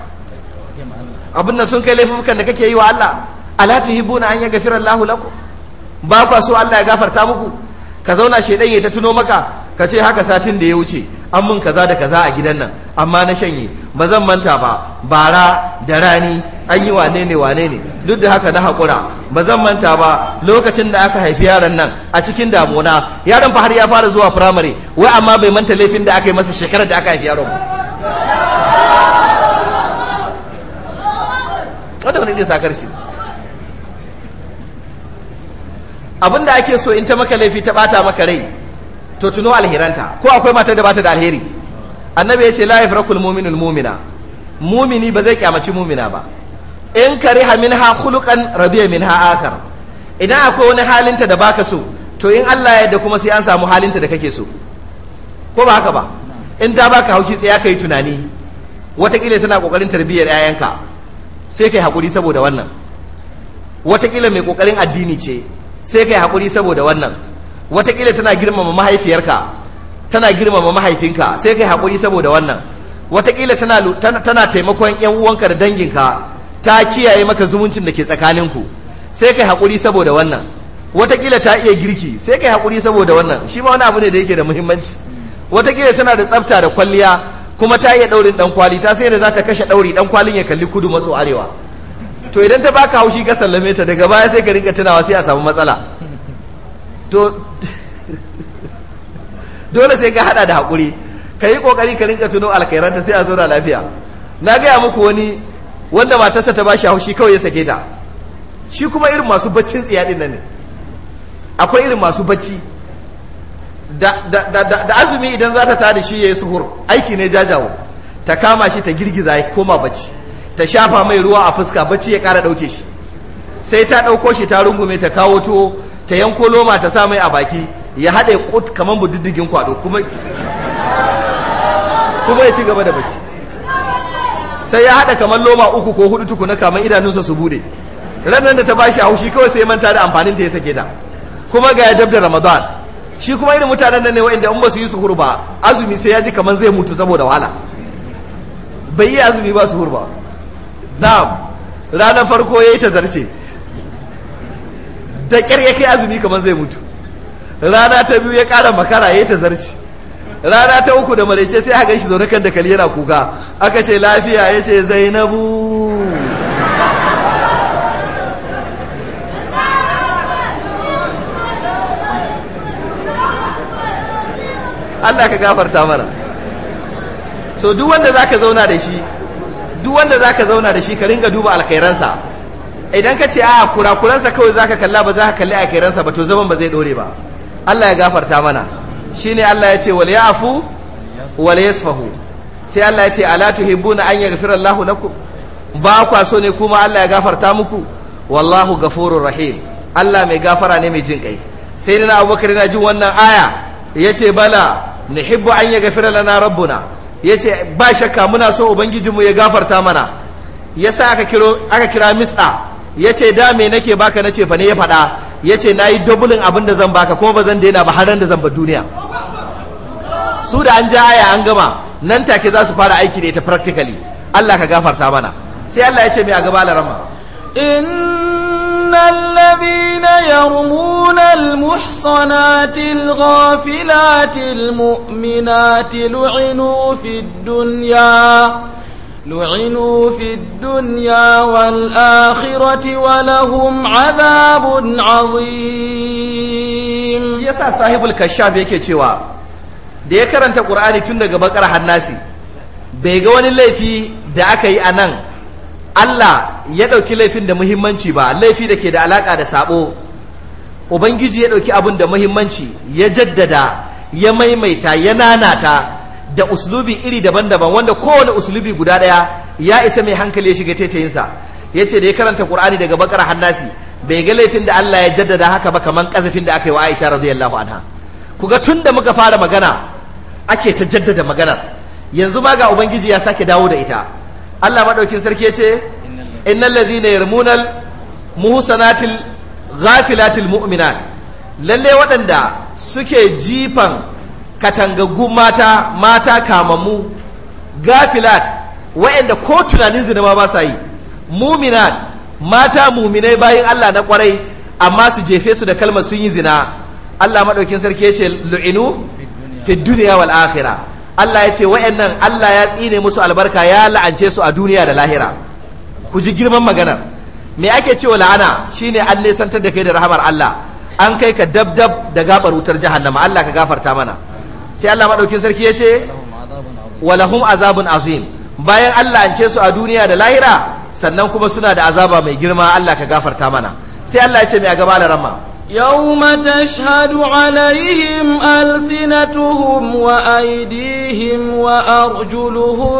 Speaker 2: abin nan sun kai laifukan da kake yi wa Allah ala tuhibuna an yaghfira Allahu lakum ba ku so Allah ya gafarta muku ka zauna shedan ya ta tuno maka ka ce haka satin da ya wuce an mun kaza da kaza a gidan nan amma na shanye ba zan manta ba bara da rani an yi wane ne wane ne duk da haka na haƙura ba zan manta ba lokacin da aka haifi yaron nan a cikin damuna yaron fa har ya fara zuwa firamare wai amma bai manta laifin da aka yi masa shekarar da aka haifi yaron
Speaker 3: ba
Speaker 2: wanda abin da ake so in ta maka laifi ta bata maka rai to tuno alheranta ko akwai matar da bata da alheri annabi ya ce la yafrakul mu'minul mu'mina mumini ba zai kyamaci mumina ba in kariha minha khuluqan radiya minha akhar idan akwai wani halinta da baka so to in Allah ya yarda kuma sai an samu halinta da kake so ko ba haka ba in ta baka hauki tsaya kai tunani watakila tana kokarin tarbiyyar 'ya'yanka sai kai hakuri saboda wannan watakila mai kokarin addini ce sai ka kai hakuri saboda wannan watakila tana girmama mahaifiyarka tana girmama mahaifinka sai kai hakuri saboda wannan watakila tana taimakon yan uwanka da danginka ta kiyaye maka zumuncin da ke tsakaninku sai kai hakuri saboda wannan watakila ta iya girki sai kai hakuri saboda wannan shi ma wani abu ne da yake da muhimmanci watakila tana da tsafta da kwalliya kuma ta iya daurin dan kwali ta sai da za ta kashe dauri dan kwalin ya kalli kudu maso arewa to idan ta baka haushi ka sallame ta daga baya sai ka rinka tunawa sai a samu matsala [laughs] dole sai ka hada da haƙuri ka yi ƙoƙari ka rinka tuno alkairanta sai a zo da lafiya na gaya muku wani wanda matarsa ta bashi haushi kawai ya sake ta shi kuma irin masu baccin tsiyaɗin nan ne akwai irin masu bacci da azumi idan za ta tada shi ya yi suhur aiki ne jajawo ta kama shi ta girgiza ya koma bacci ta shafa mai ruwa a fuska bacci ya kara dauke shi sai ta dauko shi ta rungume ta kawo tuwo ta yanko loma ta sa mai a baki ya haɗe kut kamar budiddigin kwado kuma kuma ya ci gaba da bacci sai ya haɗa kamar loma uku ko hudu tukuna kamar idanunsa su bude ranar da ta ba shi haushi kawai sai manta da amfanin ta ya sake ta kuma ga ya da ramadan shi kuma irin mutanen nan ne wa'inda in ba su yi su hurba azumi sai ya ji kamar zai mutu saboda wahala bai yi azumi ba su hurba. na'am ranar farko ya yi ta zarce da ƙyar ya kai azumi kamar zai mutu rana ta biyu ya ƙara makara ya yi ta zarce rana ta uku da maraice sai aka ganshi zaune kan kali yana kuka aka ce lafiya ya ce zainabu Allah ka gafarta mana so duk wanda zaka zauna da shi duk wanda za ka zauna da shi ka ringa duba alkhairansa idan ka ce a kurakuransa kawai za ka kalla ba za ka kalli alkhairansa ba to zaman ba zai dore ba Allah ya gafarta mana shi ne Allah ya ce wal ya'fu wal yasfahu sai Allah ya ce ala tuhibbuna an yaghfira Allahu lakum ba kwa so ne kuma Allah ya gafarta muku wallahu ghafurur rahim Allah mai gafara ne mai jin kai sai na Abubakar yana jin wannan aya yace bala nuhibbu an yaghfira lana rabbuna ya ce ba shakka muna so ubangijinmu ya gafarta mana ya sa aka kira mis'a ya ce da me nake baka na ce fane ne ya faɗa ya ce na yi dubulin abin da zan baka kuma ba zan daina ba har da zan ba duniya su da an ja aya an gama nan take za su fara aiki da ita practically Allah ka gafarta mana sai Allah ya ce mai a gaba larama
Speaker 1: innal الذين يرمون المحصنات الغافلات المؤمنات لعنوا في الدنيا لعنوا في الدنيا
Speaker 2: والآخرة ولهم عذاب عظيم يسا صاحب الكشاف yake cewa da ya karanta Qur'ani tun daga bakar hannasi bai ga wani laifi da aka yi a nan Allah ya ɗauki laifin da muhimmanci ba laifi da ke da alaƙa da saɓo ubangiji ya ɗauki abin da muhimmanci ya jaddada ya maimaita ya nanata da uslubi iri daban-daban wanda kowane uslubi guda ɗaya ya isa mai hankali ya shiga taitayinsa ya ce da ya karanta ƙur'ani daga bakar hannasi bai ga laifin da Allah ya jaddada haka ba kamar ƙazafin da aka yi wa Aisha radiyallahu anha ku ga tun da muka fara magana ake ta jaddada maganar yanzu ma ga ubangiji ya sake dawo da ita Allah maɗaukin sarki ya ce innal ladhina yarmunal muhsanatil ghafilatil mu'minat lalle waɗanda suke jifan katangagu mata mata kamammu gafilat waɗanda ko tunanin zinama ba sa yi muminat mata muminai bayan Allah na kwarai amma su jefe su da kalmar sun yi zina Allah maɗaukin sarki ya ce lu'inu fi duniya wal akhirah Allah ya ce wa'annan Allah ya tsine musu albarka ya la'ance su a duniya da lahira ku ji girman maganar me ake cewa la'ana shine an nesantar da kai da rahamar Allah an kai ka dab dab da gabar wutar jahannama Allah ka gafarta mana sai Allah madaukin sarki ya ce walahum azabun azim bayan Allah an ce su a duniya da lahira sannan kuma suna da azaba mai girma Allah ka gafarta mana sai Allah ya ce mai a gaba da ramma
Speaker 1: يوم تشهد عليهم ألسنتهم وأيديهم وأرجلهم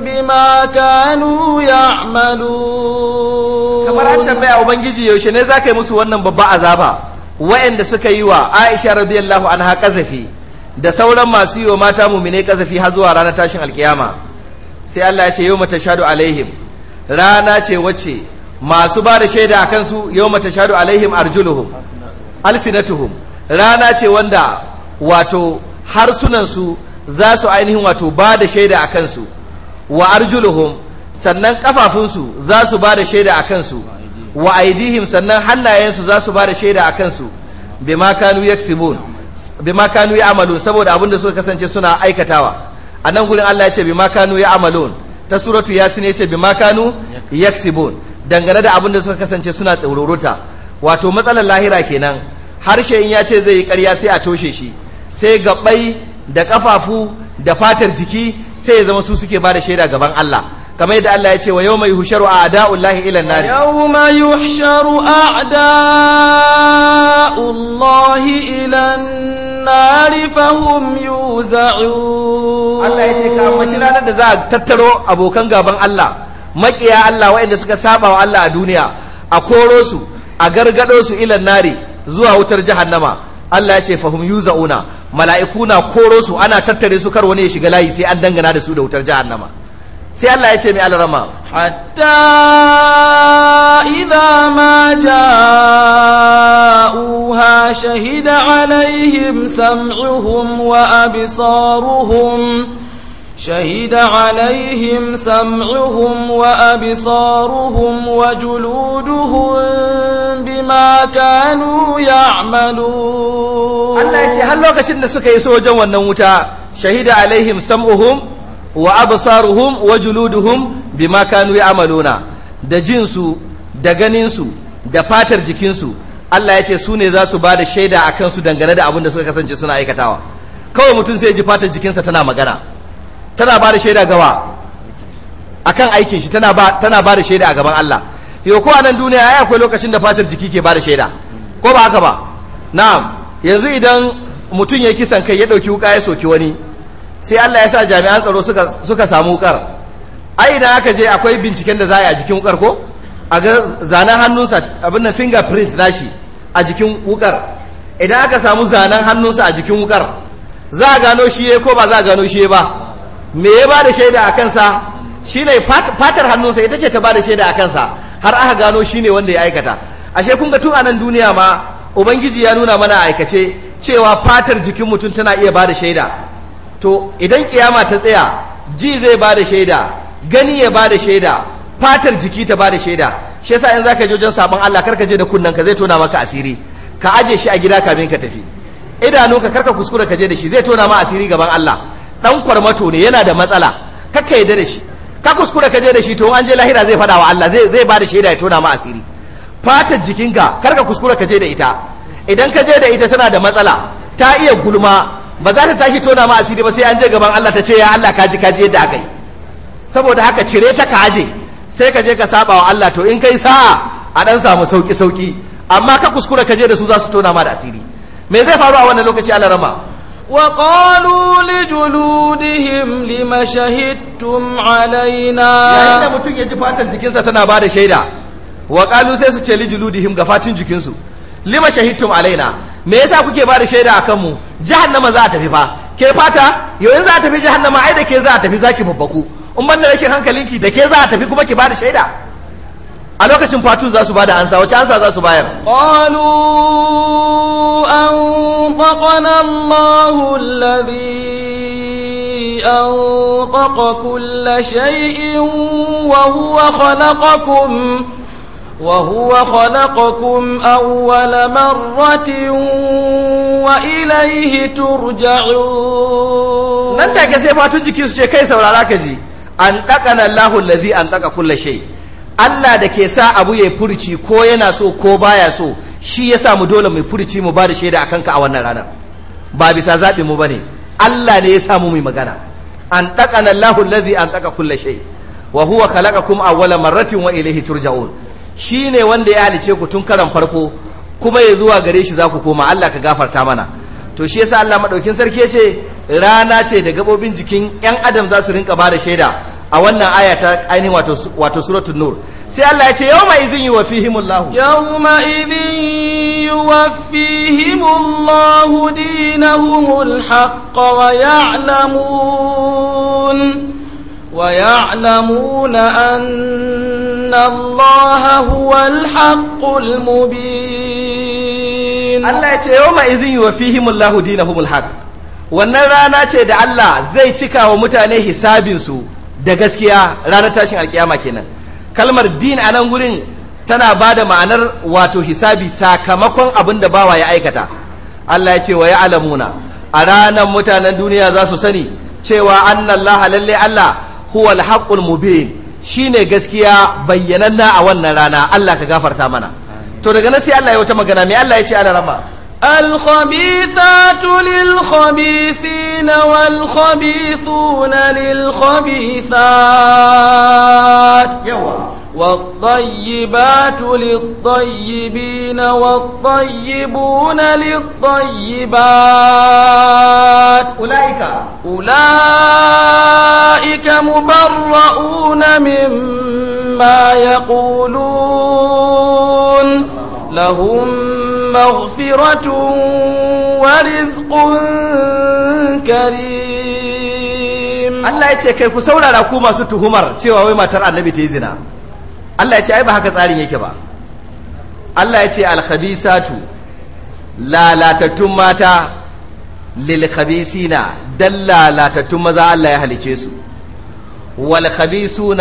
Speaker 2: بما كانوا يعملون kamar an tambaya ubangiji yaushe ne zaka yi musu wannan babba azaba wa'anda suka yi wa Aisha radiyallahu anha kazafi da sauran masu yi wa mata ƙazafi kazafi har zuwa ranar tashin alkiyama sai Allah ya ce yau mata shaɗu alaihim rana ce wacce masu ba da shaida akan su mata tashadu alaihim arjuluhum alsinatuhum rana ce wanda wato harsunansu su za su ainihin wato ba da shaida a kansu wa arjuluhum sannan kafafunsu za su ba da shaida a kansu wa aidihim sannan hannayensu za su ba da shaida a kansu bima kanu yaksibun bima kanu saboda abin da suka kasance suna aikatawa a nan gurin Allah ya ce bima kanu ya'malun ta suratu yasin ya ce bima kanu yaksibun dangane da abin da suka kasance suna tsaurorota wato matsalar lahira kenan harshe in ya ce zai yi karya sai a toshe shi sai gabai da kafafu da fatar jiki sai ya zama su suke ba da shaida gaban Allah kamar yadda Allah ya ce wa yau mai husharu a ada'ullahi ilan nari yau
Speaker 1: mai husharu a ada'ullahi
Speaker 2: ilan nari fahim yuza'u Allah ya ce ka mace ranar da za a tattaro abokan gaban Allah Maƙeya Allah waɗanda suka saba wa Allah a duniya a koro su a gargado su ilan nari zuwa wutar jahannama Allah ya ce fahum yuzauna mala'iku na koro su ana tattare su kar wani ya shiga layi sai an dangana da su da wutar jahannama sai Allah ya ce mai alarama hatta
Speaker 1: idza ma ja'uha shahida alaihim sam'uhum wa absaruhum شهد عليهم سمعهم وأبصارهم وجلودهم بما كانوا
Speaker 2: يعملون الله يتي wannan wuta shahida سكا يسوى جوا النموتا شهد عليهم سمعهم وأبصارهم وجلودهم بما كانوا يعملون da jinsu da ganinsu da fatar jikinsu Allah ya ce su ne za su ba da shaida a kansu dangane da abun da suka kasance suna aikatawa kawai mutum sai ji fatar jikinsa tana magana tana ba da shaida gawa kan aikin shi tana ba da shaida a gaban Allah yau ko a nan duniya ai akwai lokacin da fatar jiki ke ba da shaida ko ba haka ba na'am yanzu idan mutum ya kisan kai ya dauki wuka ya soki wani sai Allah ya sa jami'an tsaro suka suka samu wukar ai idan aka je akwai binciken da za a yi a jikin wukar ko a ga zanen hannunsa abin nan fingerprint nashi a jikin wukar idan aka samu zanen hannunsa a jikin wukar za a gano shi ko ba za a gano shi ba me ya ba da shaida a kansa shi ne fatar hannunsa ita ce ta ba da shaida a kansa har aka gano shi ne wanda ya aikata ashe kun ga tun a nan duniya ma ubangiji ya nuna mana aikace cewa fatar jikin mutum tana iya ba da shaida to idan kiyama ta tsaya ji zai ba da shaida gani ya ba da shaida fatar jiki ta ba da shaida shi yasa in zaka je wajen sabon Allah karka je da kunnen ka zai tona maka asiri ka aje shi a gida kamin ka tafi idanunka karka kuskura ka je da shi zai tona ma asiri gaban Allah dan kwarmato ne yana da matsala kakka yadda da shi ka kuskura ka je da shi to an je lahira zai fada wa Allah zai zai ba shaida ya tona ma asiri fatar jikinka kar ka kuskura ka je da ita idan ka je da ita tana da matsala ta iya gulma ba za ta tashi tona ma asiri ba sai an je gaban Allah ta ce ya Allah ka ji ka je da kai saboda haka cire ta ka aje sai ka je ka saba wa Allah to in kai sa'a a dan samu sauki sauki amma ka kuskura ka je da su za su tona ma da asiri me zai faru a wannan lokaci Allah rama
Speaker 1: وقالوا لجلودهم
Speaker 2: لما شهدتم علينا yayin da mutum ya ji fatan jikinsa tana bada shaida wa sai su ce lijuludihim ga fatin jikinsu lima shahidtum alaina me yasa kuke ba da shaida akan mu jahannama za a tafi fa ke fata yayin za a tafi jahannama ai da ke za a tafi zaki babbaku in ban da rashin hankalinki da ke za a tafi kuma ki bada shaida a lokacin fatun za su da ansa wace ansa za su bayar
Speaker 1: qalu anqana Allahu alladhi anqa kull shay'in wahuwa ƙwalaƙwakun khalaqakum وهو خلقكم أول مرة
Speaker 2: وإليه ترجعون nan take sai fatun jikinsu ce kai saurara ka ji an ɗaƙana Allahu an ɗaƙa kulle shai Allah da ke sa abu ya furci ko yana so ko baya so shi ya mu dole mai furci mu ba da shaida a kanka a wannan rana ba bisa zaɓi mu bane Allah ne ya samu mai magana an na Allahu lazi an taqa kulli shai wa huwa khalaqakum awwala marratin wa ilayhi turja'un ne wanda ya halice ku tun karan farko kuma ya zuwa gare shi za ku koma Allah ka gafarta mana to shi yasa Allah madaukin sarki ya ce rana ce da gabobin jikin yan adam za su rinka ba da shaida a wannan aya ta ainihin wato suratun nur sai Allah ya ce yau mai izin yi wa fihimullahu yau mai izin yi wa
Speaker 1: fihimullahu dinahumul haqqa wa ya'lamun ويعلمون أن
Speaker 2: الله هو الحق 'Yau الله يتي wa fi يوفيهم الله dinahumul الحق wannan rana ce da Allah zai cika wa mutane hisabinsu da gaskiya ranar tashin alkiyama kenan kalmar din a nan gurin tana ba da ma'anar wato hisabi sakamakon abin da bawa ya aikata Allah ya ce wa ya alamuna a ranar mutanen duniya za su sani cewa annallaha lalle Allah huwa alhaqqul mubin shine gaskiya bayyananna a wannan rana Allah ka gafarta mana to daga nan sai Allah ya wata magana me Allah ya ce ana rama
Speaker 1: الخبيثات للخبيثين والخبيثون للخبيثات والطيبات للطيبين والطيبون للطيبات أولئك أولئك مبرؤون مما يقولون لهم مغفرة
Speaker 2: ورزق كريم الله يتي كي كسولا لكو ما ستو همر تيوا وي ويما ترى النبي تيزنا الله يتي أيبا هكذا آلين يكبا الله يتي الخبيثات لا لا تتماتا للخبيثين دلا لا تتمزا الله يهلي تيسو والخبيثون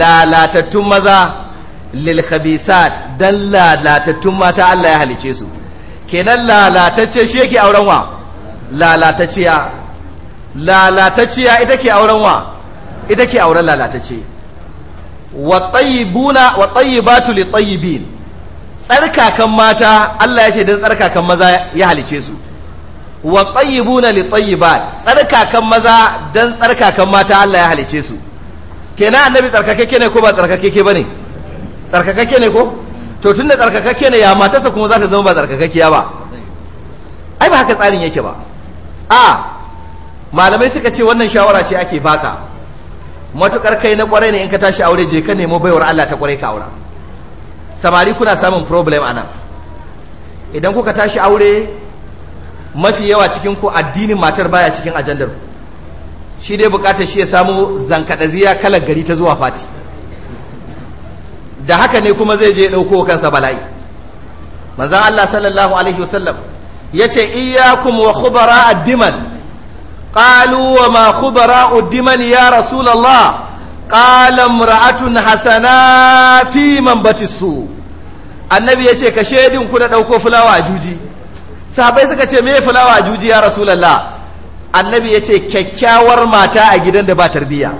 Speaker 2: لا لا تتمزا lil khabisat dan lalatattun mata Allah ya halice su kenan lalatacce shi yake auren wa lalatacciya lalatacciya ita ke auren wa ita ke auren lalatacce wa tayyibuna wa tayyibatu li tayyibin tsarkakan mata Allah ya ce dan tsarkakan maza ya halice su wa tayyibuna li tayyibat tsarkakan maza dan tsarkakan mata Allah ya halice su kenan annabi tsarkakeke ne ko ba tsarkakeke bane tsarkakakke ne ko to tun da tsarkakakke ne ya matarsa kuma za ta zama ba tsarkakakkiya ba ai ba haka tsarin yake ba a malamai suka ce wannan shawara ce ake baka matukar kai na kwarai ne in ka tashi aure je ka nemo baiwar Allah ta kwarai ka aura samari kuna samun problem anan idan kuka tashi aure mafi yawa cikin ku addinin matar baya cikin ajandar ku shi dai bukatar shi ya samu zankadaziya kalar gari ta zuwa fati da haka ne kuma zai je ɗauko kansa bala'i manzan Allah sallallahu alaihi wasallam ya ce iyakum wa khubara addiman ƙalu wa ma khubara addiman ya rasulallah qala ra'atun hasana fi man batisu annabi ya ce ka shedin ku da ɗauko fulawa a juji sahabai suka ce me fulawa a juji ya rasulallah annabi ya ce kyakkyawar mata a gidan da ba tarbiyya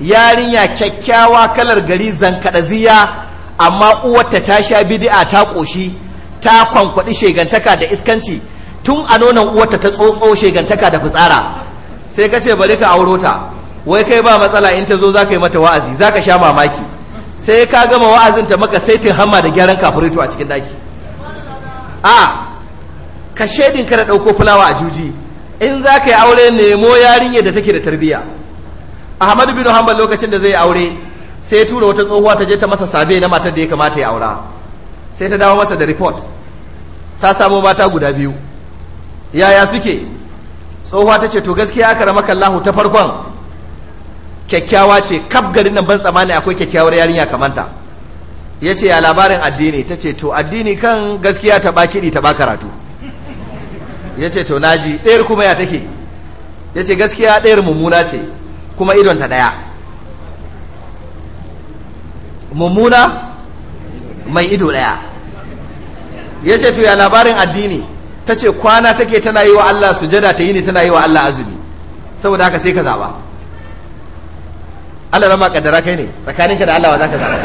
Speaker 2: yarinya kyakkyawa kalar gari zankadaziya amma uwarta ta sha bidi'a ta ƙoshi ta kwankwaɗi shegantaka da iskanci tun a nonon uwarta ta tsotso shegantaka da fitsara sai ka ce bari ka auro ta wai kai ba matsala in ta zo za ka yi mata wa'azi za ka sha mamaki sai ka gama wa'azin ta maka saitin hamma da gyaran kafuretu a cikin daki a ka shaidin ka da ɗauko fulawa a juji in za ka yi aure nemo yarinyar da take da tarbiyya ahmadu bin hanbal lokacin da zai aure sai ya tura wata tsohuwa ta je ta masa sabe na matar da ya kamata ya aura sai ta dawo masa da report ta samo mata guda biyu yaya suke tsohuwa ta ce to gaskiya aka rama kallahu ta farkon kyakkyawa ce kaf garin nan ban tsamani akwai kyakkyawar yarinya kamanta ya ce ya labarin addini ta ce to addini kan gaskiya ta ba ta ba karatu ya ce to naji ɗayar kuma ya take ya ce gaskiya ɗayar mummuna ce kuma idonta ɗaya mummuna mai ido ɗaya ya ce to ya labarin addini ta ce kwana take tana yi wa Allah sujada ta yi ne tana yi wa Allah azumi saboda haka sai ka zaba Allah rama kaddara kai ne tsakaninka da Allah wa za ka zaba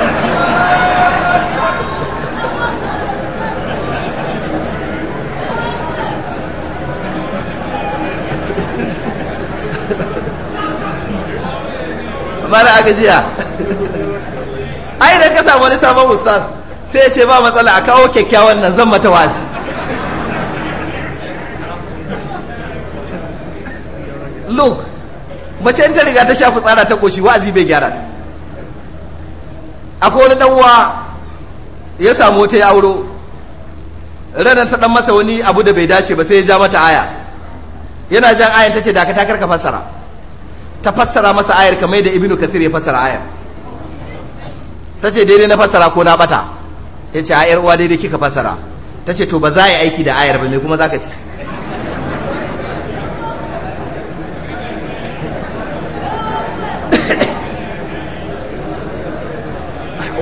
Speaker 2: [laughs] mala agajiya [laughs] ai da ka samu wani sabon ustaz sai ce ba matsala a kawo kyakkyawan nan zan mata wazi look mace in ta riga ta shafi tsara ta koshi wa'azi bai gyara ta akwai wani danwa ya samu ta ya auro ranar ta ɗan masa wani abu da bai dace ba sai ya ja mata aya yana jan ayan ta ce dakata karka fassara ta fassara masa ayar kamar da ibnu kasir ya fassara ayar ta ce daidai na fassara ko na bata ya ce a uwa daidai kika fassara ta ce to ba za a yi aiki da ayar ba me kuma za ka ci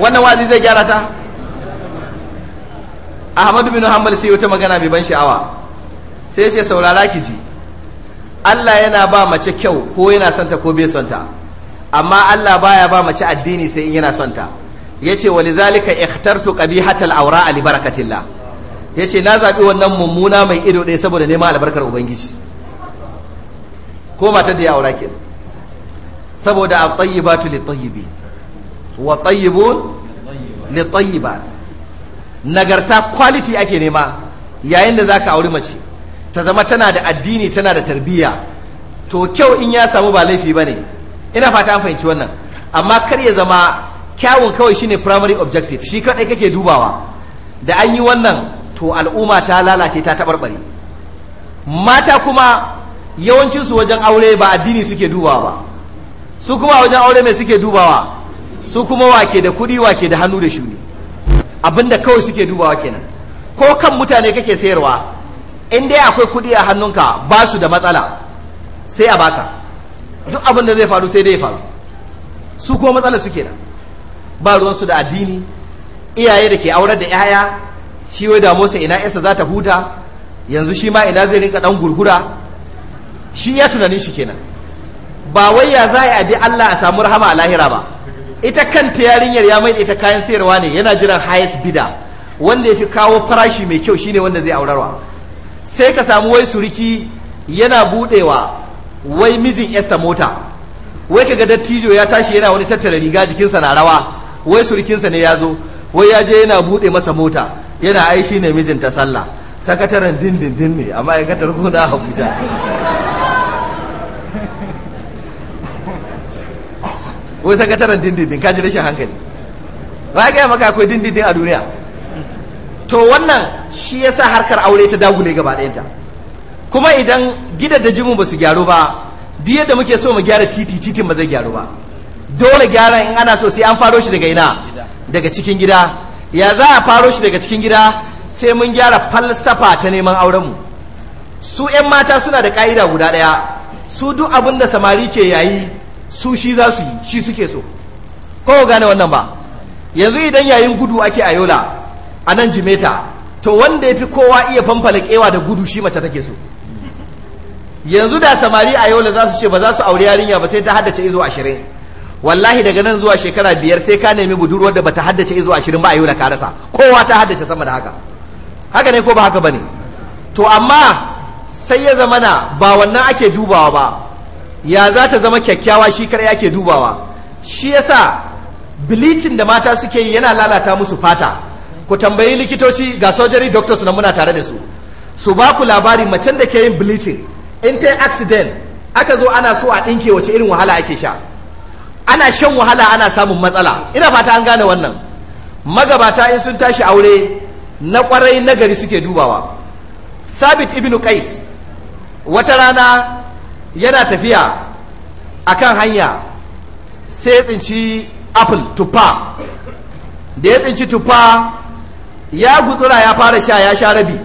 Speaker 2: [coughs] wannan wazi zai gyara ta ahmadu bin hanbal sai wata magana mai ban sha'awa sai ce saurara ki ji Allah yana ba mace kyau ko yana son ta ko bai son ta amma Allah baya ba mace addini sai in yana son ta yace walizalika ikhtartu qabihatal awra ali barakatillah yace na zabi wannan mummuna mai ido ɗaya saboda neman albarkar ubangiji ko matar da ya aura ke saboda at-tayyibatu lit wa tayyibun lit nagarta quality ake nema yayin da zaka auri mace ta zama tana da addini tana da tarbiyya to kyau in ya samu ba laifi bane ina fata an fahimci wannan amma kar ya zama kyawun kawai shine primary objective shi kadai kake dubawa da an yi wannan to al'umma ta lalace ta taɓarɓare mata kuma yawancinsu wajen aure ba addini suke dubawa ba su kuma wajen aure mai suke dubawa su kuma wake da kuɗi wake da hannu da shuni abinda kawai suke dubawa kenan ko kan mutane kake sayarwa in dai akwai kuɗi a hannunka ba su da matsala sai a baka duk abin da zai faru sai dai ya faru su kuma matsala suke nan ba ruwansu da addini iyaye da ke aurar da 'ya'ya shi wai da motsa ina yasa za ta huta yanzu shi ma ina zai rinka dan gurgura shi ya tunanin shi kenan ba wai ya za a bi Allah a samu rahama a lahira ba ita kanta yarinyar ya mai ita kayan sayarwa ne yana jiran highest bidder wanda ya fi kawo farashi mai kyau shine wanda zai aurarwa sai ka samu wai suriki yana budewa wai mijin yasa mota wai ka ga dattijo ya tashi yana wani tattara riga jikinsa na rawa wai surkinsa ne ya zo wai ya je yana buɗe masa mota yana ai shi ne mijinta sallah sakataren dindindin ne a ma'aikatar gona abuja wai sakataren dindindin ji rashin hankali ba ya gaya maka akwai dindindin a duniya to wannan shi yasa harkar aure ta dagule gaba ɗayanta kuma idan gida da jimu ba su gyaru ba diyar da muke so mu gyara titi titin ba zai gyaru ba dole gyara in ana so sai an faro shi daga ina daga cikin gida ya za a faro shi daga cikin gida sai mun gyara falsafa ta neman aurenmu su 'yan mata suna da ƙa'ida guda ɗaya su duk abin da samari ke yayi su shi za su yi shi suke so ko gane wannan ba yanzu idan yayin gudu ake a yola a nan jimeta to wanda ya fi kowa iya famfala kewa da gudu shi mace take so yanzu da samari a yola za su ce ba za su aure yarinya ba sai ta haddace izo ashirin wallahi daga nan zuwa shekara biyar sai ka nemi budurwar da bata haddace izo ashirin ba a yau da karasa kowa ta haddace sama da haka haka ne ko ba haka bane to amma sai ya zama na ba wannan ake dubawa ba ya za ta zama kyakkyawa shi kar ake dubawa shi yasa bleaching da mata suke yi yana lalata musu fata ku tambayi likitoci ga sojari doctors na muna tare da su su ba ku labari macen da ke yin bleaching in ta accident aka zo ana so a ɗinke wace irin wahala ake sha ana shan wahala ana samun matsala ina fata an gane wannan magabata in sun tashi aure na kwarai nagari suke dubawa sabit ibn qais wata rana yana tafiya akan hanya sai tsinci apple tuffa da ya tsinci tuffa ya gutsura ya fara sha ya sha rabi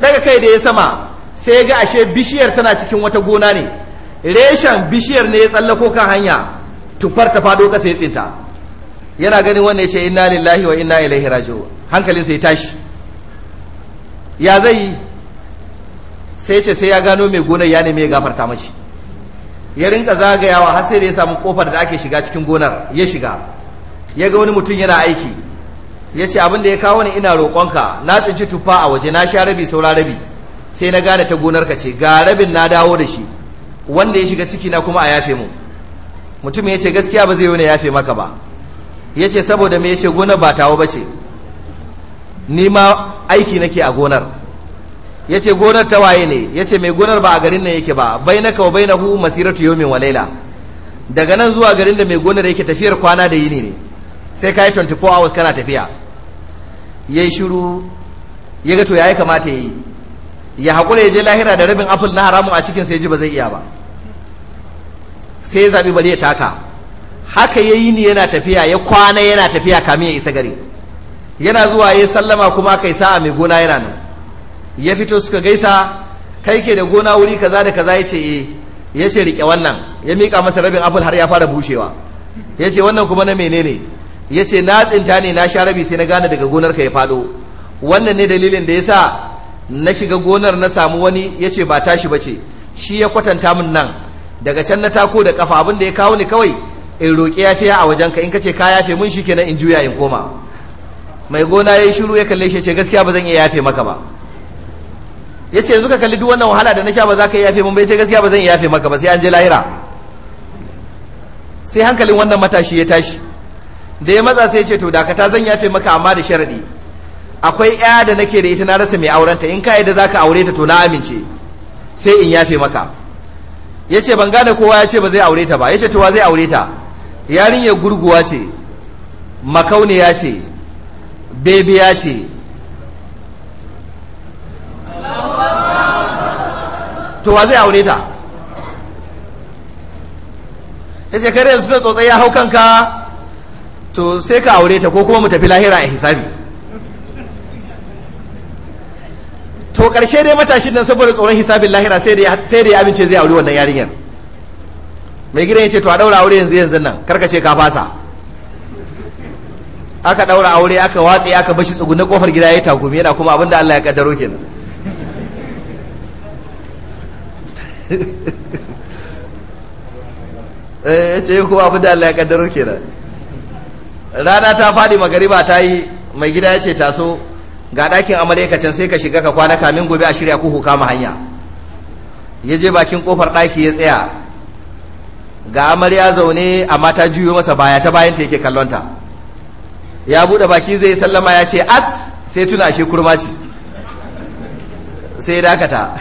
Speaker 2: daga kai da ya sama sai ya ga ashe bishiyar tana cikin wata gona ne reshen bishiyar ne ya tsallako kan hanya tuffar ta fado kasa ya tsinta yana ganin wannan ya ce inna lillahi wa inna ilaihi raji'un hankalin ya tashi ya zai yi sai ce sai ya gano mai gonar ya nemi ya gafarta mashi ya rinka zagayawa har sai da ya samu kofar da ake shiga cikin gonar ya shiga ya ga wani mutum yana aiki ya ce abin da ya kawo ni ina roƙonka na tsinci tuffa a waje na sha rabi saura rabi sai na gane ta gonar ka ce ga rabin na dawo da shi wanda ya shiga ciki na kuma a yafe mu mutum ya ce gaskiya ba zai yi wani yafe maka ba ya ce saboda me ya ce gonar ba tawo ba ce ni ma aiki nake a gonar ya ce gonar ta waye ne ya ce mai gonar ba a garin nan yake ba bai na kawo bai na hu masiratu min walaila daga nan zuwa garin da mai gonar yake tafiyar kwana da yini ne sai ka yi 24 hours kana tafiya ya yi shiru ya ga to ya yi kamata ya yi ya haƙura ya je lahira da rabin apple na haramun a cikin sai ji ba zai iya ba sai ya zaɓi bari ya taka haka ya yi ni yana tafiya ya kwana yana tafiya kamin ya isa gari yana zuwa ya sallama kuma kai sa'a mai gona yana nan ya fito suka gaisa kai ke da gona wuri kaza da kaza ya ce eh ya ce riƙe wannan ya miƙa masa rabin apple har ya fara bushewa ya ce wannan kuma na menene ya ce na tsinta ne na sha rabi sai na gane daga gonar ka ya faɗo wannan ne dalilin da ya sa na shiga gonar na samu wani ya ce ba tashi ba ce shi ya kwatanta min nan daga can na tako da kafa abin da ya kawo ni kawai in roƙi yafiya a wajenka in ka ce ka yafe mun shi kenan in juya in koma mai gona ya yi shiru ya kalle shi ce gaskiya ba zan iya yafe maka ba ya ce yanzu ka kalli duk wannan wahala da na sha ba za ka yi yafe mun bai ce gaskiya ba zan iya yafe maka ba sai an je lahira sai hankalin wannan matashi ya tashi da ya matsa sai ya ce to dakata zan yafe maka amma da sharadi akwai ƴa da nake da ita na rasa mai aurenta in ka yi da za ka aure ta to na amince sai in yafe maka ya ce ban gane kowa ya ce ba zai aure ta ba ya ce towa zai aure ta ya gurguwa ce makauniya ce ya ce towa zai aure ta ya ce kare yanzu da tsotsai ya hau kanka to sai ka aure ta ko kuma mu tafi lahira a hisabi to karshe dai matashin nan saboda tsoron hisabin lahira sai da ya amince zai auri wannan yarinyar mai gidan ya ce to a daura aure yanzu yanzu nan karkace ka fasa aka daura aure aka watse aka bashi tsugunin kofar gida ya takumi yana kuma abinda Allah ya kaddaro kenan [laughs] eh ya ce eh, kuma abinda Allah ya kaddaro kenan rana ta fadi magariba ta yi mai gida ya ce taso ga ɗakin amarya can sai ka shiga ka kwana kamin gobe a shirya kuhu kama hanya ya je bakin kofar ɗaki ya tsaya ga amarya zaune amma ta juyo masa baya ta bayan ta yake kallonta ya buɗe baki zai sallama ya ce as sai tuna ashe kurma ce sai ya dakata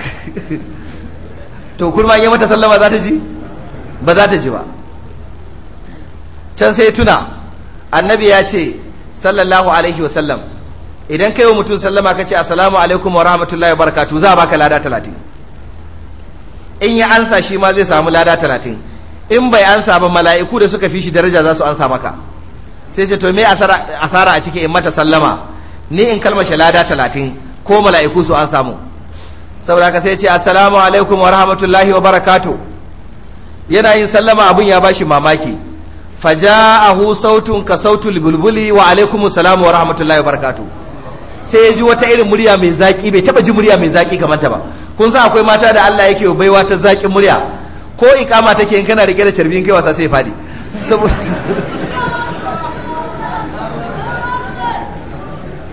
Speaker 2: [laughs] to kurma ya mata sallama za ta ji ba za ta ji ba can sai tuna annabi ya ce sallallahu alaihi wasallam idan kai wa mutum sallama ka ce assalamu alaikum wa rahmatullahi wa barakatu za a baka lada talatin in ya ansa shi ma zai samu lada talatin in bai ansa ba mala'iku da suka fi shi daraja za su ansa maka sai ce to me asara a ciki in mata sallama ni in kalmar shi lada talatin ko mala'iku su an samu saboda ka sai ce assalamu alaikum wa rahmatullahi wa barakatu yana yin sallama abun ya bashi mamaki faja'ahu sautun ka sautul bulbuli wa alaikumus salamu wa rahmatullahi wa sai ya ji wata irin murya mai zaki bai taba ji murya mai zaki kamar ta ba kun san akwai mata da Allah yake baiwa ta zakin murya ko ikama take in kana rike da carbin kai wasa sai ya fadi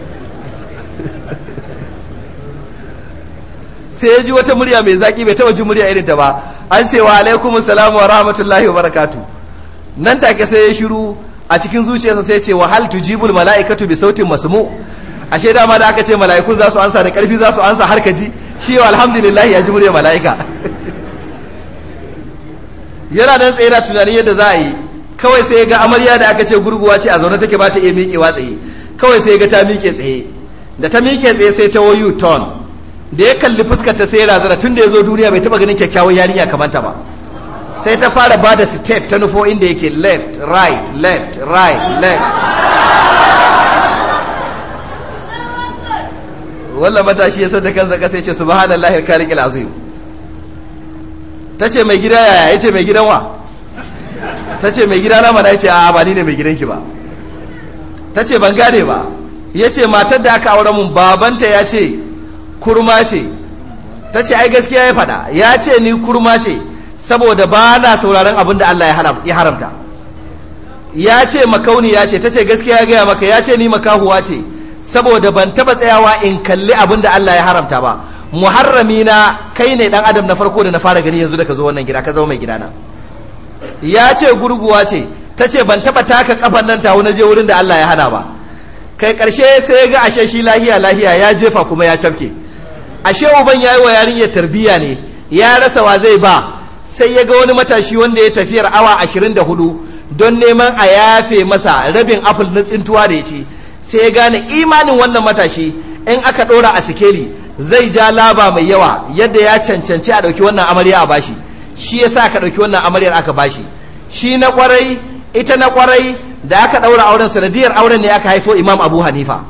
Speaker 2: [laughs] sai ya ji wata murya mai zaki bai taba ji murya irin ta ba an ce wa alaikum salam wa rahmatullahi wa barakatu nan take sai ya shiru a cikin zuciyarsa sai ya ce wa hal tujibul mala'ikatu bi sautin masmu ashe dama da aka ce mala'iku za su ansa da karfi za su ansa har ka ji shi wa alhamdulillah ya ji murya mala'ika [laughs] yana nan tsaye na tunanin yadda za a yi kawai sai ga amarya da aka ce gurguwa ce a zaune take ba ta iya miƙewa tsaye kawai sai ga ta miƙe tsaye da ta miƙe tsaye sai ta wayu ton da ya kalli fuskar ta sai razana tun da ya zo duniya bai taba ganin kyakkyawan yarinya kamar ta ba sai ta fara ba da step ta nufo inda yake left right left right left wallan matashi ya sadda kansa kasa ya yace subhanallahi al-khaliqil azim tace mai gida yaya yace mai gidan wa tace mai gida na mana yace a ba ni ne mai gidanki ba tace ban gane ba yace matar da aka aure mun babanta yace kurma ce tace ai gaskiya ya fada yace ni kurma ce saboda ba na sauraron abin da Allah ya haramta ya ce makauni ya ce ta ce gaskiya ya gaya maka ya ce ni makahuwa ce saboda ban taba tsayawa in kalli abin da Allah ya haramta ba muharrami na kai ne dan adam na farko da na fara gani yanzu da ka zo wannan gida ka zama mai gidana ya ce gurguwa ce ta ce ban taba taka kafan nan tawo na je wurin da Allah ya hana ba kai karshe sai ya ga ashe shi lahiya lahiya ya jefa kuma ya cafke ashe uban yayi wa yarinyar tarbiya ne ya rasa wa zai ba sai ya ga wani matashi wanda ya tafiyar awa 24 don neman a yafe masa rabin apple na tsintuwa da ya ci sai ya gane imanin wannan matashi in aka ɗora a sikeli zai ja laba mai yawa yadda ya cancanci a ɗauki wannan amarya a bashi shi yasa ka ɗauki wannan amaryar aka bashi shi na kwarai ita na kwarai da aka ɗaura auren sanadiyar auren ne aka haifo imam abu hanifa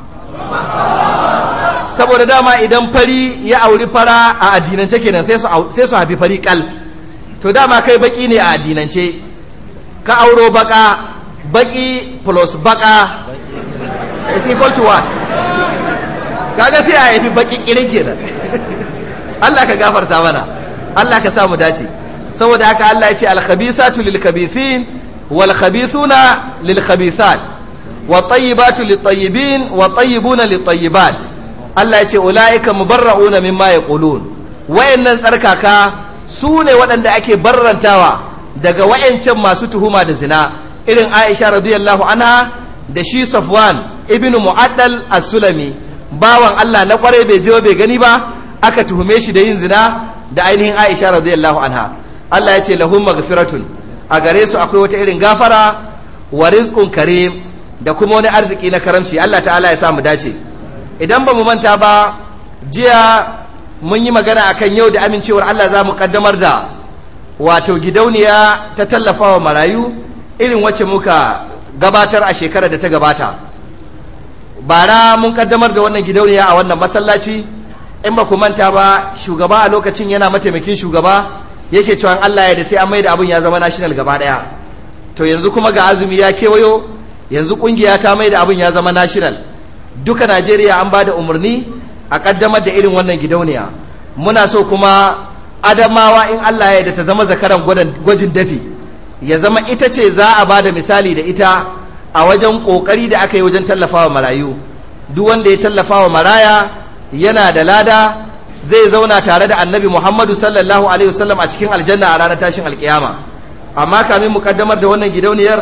Speaker 2: saboda dama idan fari ya auri fara a addinance kenan sai su haifi fari kal to dama kai baki ne a addinance ka auro baka baki plus baka is equal to what kaga sai a haifi baki kenan Allah ka gafarta mana Allah ka samu dace saboda haka Allah ya ce al-khabisatu lil-khabithin wal-khabithuna lil-khabithat wat-tayyibatu lit-tayyibin wat-tayyibuna lit-tayyibat Allah ya ce ulaika mubarra'una mimma yaqulun wayannan tsarkaka su ne waɗanda ake barrantawa daga wayancan masu tuhuma da zina irin Aisha radiyallahu anha da shi Safwan ibn mu'addal as-sulami bawan Allah na kwarai bai je bai gani ba aka tuhume shi da yin zina da ainihin Aisha radiyallahu anha Allah ya ce lahum maghfiratun a gare su akwai wata irin gafara wa rizqun karim da kuma wani arziki na karamci Allah ta'ala ya sa mu dace idan ba mu manta ba jiya mun yi magana akan yau da amincewar Allah za mu kaddamar da wato gidauniya ta tallafawa marayu irin wacce muka gabatar a shekarar da ta gabata bara mun kaddamar da wannan gidauniya a wannan masallaci in ba ku manta ba shugaba a lokacin yana mataimakin shugaba yake cewa Allah ya da sai an mai da ya zama national gaba daya to yanzu kuma ga azumi ya kewayo yanzu kungiya ta mai da abin ya zama national duka Najeriya an ba da umarni a kaddamar da irin wannan gidauniya muna so kuma adamawa in Allah ya da ta zama zakaran gwajin dafi ya zama ita ce za a ba da misali da ita a wajen kokari da aka yi wajen tallafawa marayu duk wanda ya tallafawa maraya yana da lada zai zauna tare da annabi muhammadu sallallahu alaihi wasallam a cikin aljanna a ranar tashin alkiyama amma kamin mu kaddamar da wannan gidauniyar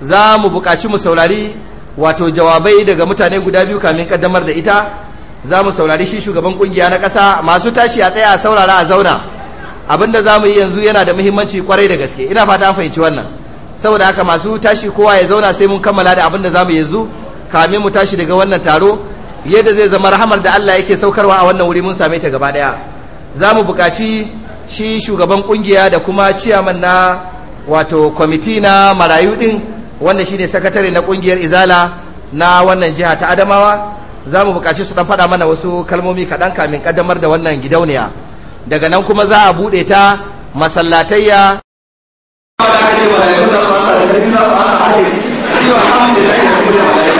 Speaker 2: za mu buƙaci mu saurari wato jawabai daga mutane guda biyu kamin kaddamar da ita za mu saurari shi shugaban kungiya na ƙasa masu tashi a tsaya a saurara a zauna abinda za mu yi yanzu yana da muhimmanci kwarai da gaske ina fata an fahimci wannan saboda haka masu tashi kowa ya zauna sai mun kammala da abin da zamu yanzu kamin mu tashi daga wannan taro yadda zai zama rahamar da Allah yake saukarwa a wannan wuri mun same ta gaba daya zamu buƙaci shi shugaban kungiya da kuma ciyaman na wato kwamiti na marayu din wanda shine sakatare na kungiyar izala na wannan jiha ta Adamawa zamu mu buƙaci su ɗan faɗa mana wasu kalmomi kaɗan kamin kaddamar da wannan gidauniya daga nan kuma za a buɗe ta masallatayya ba da aka ce malaiku za su hasa da karfi za su hasa haka ce shi wa alhamdulillah da kuma da malaika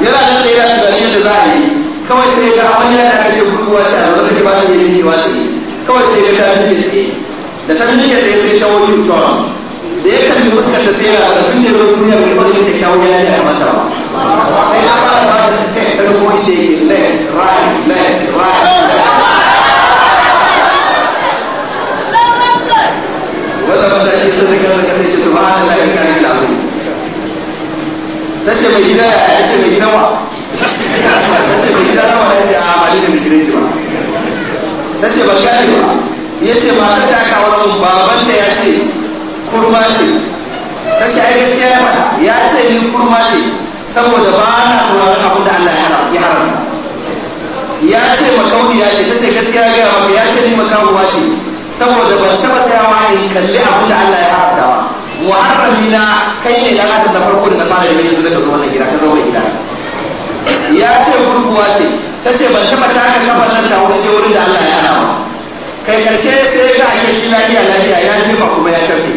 Speaker 2: yana nan tsaye da tunanin yadda za a yi kawai sai ga amarya da aka ce gurguwa ce a zaune da ba ta yi miki wasu kawai sai da ta miki tsaye
Speaker 3: da ta miki tsaye
Speaker 2: sai ta wani mutuwa da ya kalli fuskar ta sai rasa tun da zo duniya bai bada miki kyawun yanayi a mata ba sai na fara ba da ce ta rufo inda yake left right left right sadaka wani kasa ce subhanallah in kana gida su ce mai gida ya ya ce mai gida wa ce mai gida nawa ya ce a amali da mai gidan ki ba tace ban gane ba ya ce matar ta aka wani baban ta ya ce kurma ce tace ai gaskiya ya faɗa ya ce ni kurma ce saboda ba na sauraron abin da Allah ya haramta ya ce makauni ya ce tace gaskiya ga maka ya ce ni makaruwa ce saboda ban taba tsayawa in kalli abin da Allah ya haramta ba muharrami na kai ne dan adam na farko da na fara da zuwa daga wannan gida ka mai gida ya ce gurguwa ce ta ce ban taba taka kafan nan ta wurin je wurin da Allah ya hana ba kai karshe sai ga ashe shi lafiya lafiya ya ba kuma ya tafi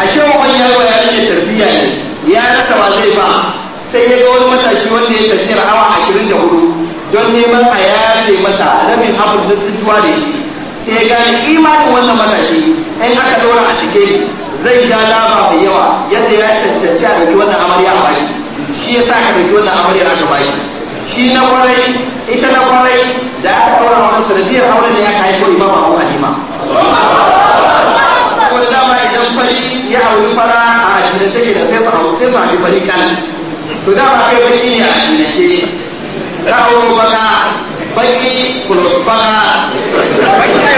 Speaker 2: ashe wani yaro ya rike tarbiyya ne ya rasa ba zai ba sai ya ga wani matashi wanda ya tafiyar awa ashirin da hudu don neman a yafe masa rabin abin da tsintuwa da shi sai ga imanin wannan matashi in aka dora a shi zai ja lama mai yawa yadda ya cancanci a ɗauki wannan amarya a bashi shi ya sa ka ɗauki wannan amarya aka bashi shi na kwarai ita na kwarai da aka ɗora wannan sanadiyar auren ne aka haifo imam abu halima saboda dama idan fari ya auri fara a addinance ke da sai su hau sai su haɗi fari kan to dama kai baki ne a addinance ka auri baka baki kulos baka Allah ka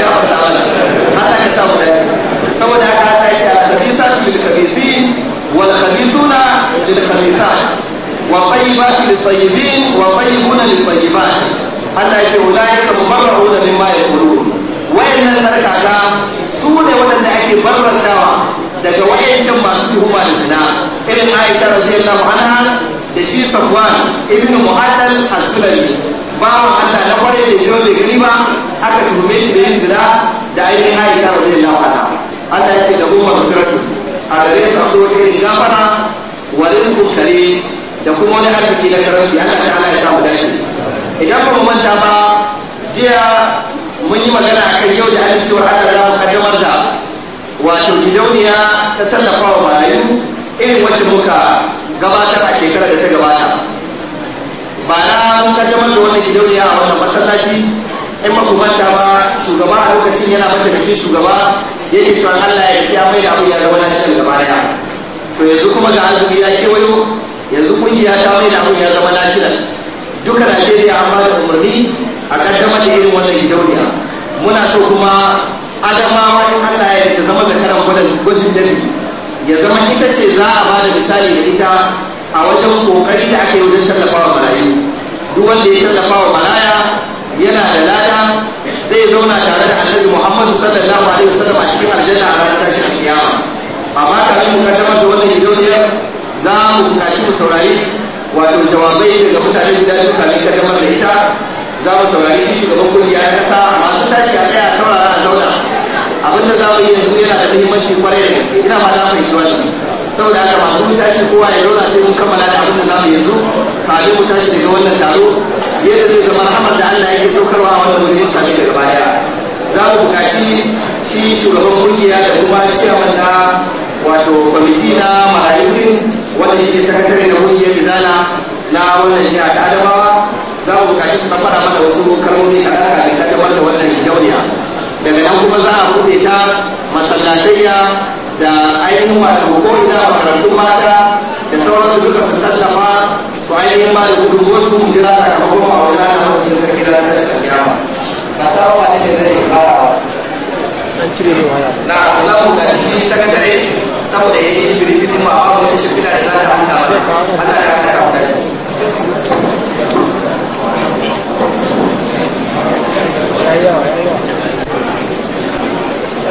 Speaker 2: gafarta mana Allah ka sa mu dace saboda haka ta ce al-khabisatu lil khabisin wal khabisuna lil khabisat wa tayyibatu lil tayyibin wa tayyibuna lil tayyibat Allah ya ce ulaika mubarra'una mimma yaqulun wayannan sarkaka su ne waɗanda ake barrantawa daga wayancan masu tuhuma da zina irin Aisha radiyallahu anha da shi Safwan ibnu Mu'addal as-Sulami bawan Allah na kwarai da jiyo da gani ba aka tuhume shi da yin zina da ainihin Aisha radiyallahu anha Allah ya ce da gumma mafiratu a gare su akwai wata irin gafara wa kare da kuma wani arziki na karanci Allah Allah ya samu dashi idan ba mu manta ba jiya mun yi magana akan yau da an cewa Allah za mu kaddamar da wato gidauniya ta tallafa wa marayu irin wacce muka gabatar a shekarar da ta gabata ba na mun jama da wannan gidauniya a wannan masallaci in ba ku manta ba shugaba a lokacin yana mataimakin shugaba yake cewa Allah ya siya mai da abu ya zama nashi kan gaba daya to yanzu kuma ga azumi ya kewayo yanzu kungiya ta mai da abu ya zama nashi duka Najeriya an ba da umarni a kaddamar da irin wannan gidauniya muna so kuma adamawa in Allah ya ta zama karan gwadan gwajin dare ya zama ita ce za a ba da misali da ita a wajen kokari da ake yi wajen tallafawa marayu duk wanda ya tallafawa maraya yana da lada zai zauna tare da annabi Muhammadu sallallahu alaihi wasallam a cikin aljanna a ranar tashin kiyama amma kafin mu kaddamar da wannan gidauniyar za mu buƙaci mu saurari wato jawabai daga mutane gida biyu kafin kaddamar da ita za mu saurari shi shugaban kungiya na ƙasa
Speaker 4: masu tashi a
Speaker 2: abin za mu yi yanzu yana da muhimmanci kwarai da gaske ina ba ta fahimci saboda haka masu mu tashi kowa ya zauna sai mun kammala da abin da za mu yanzu kafin mu tashi daga wannan taro yadda zai zama rahamar da Allah yake saukarwa a wannan wajen sami daga baya za mu buƙaci shi shugaban kungiya da kuma ciyaman na wato kwamiti na wanda shi ke sakatare na kungiyar izala na wannan jiha ta adamawa za mu buƙaci su fara mana wasu kalmomi kaɗan kafin ƙaddamar da wannan gidauniya daga nan kuma za a buɗe ta masallatayya da ainihin wata ko ina makarantun mata da sauransu duka su tallafa su ainihin ba da gudu ko su jira sakamakon a wajen ana wajen sarki da ta shiga kiyama ba sa wa ne da zai fara wa na za mu ga shi sakatare saboda ya yi birifin din ma babu wata shirfita da za ta amsa ba Allah ta ka samu dace Yeah, yeah, yeah.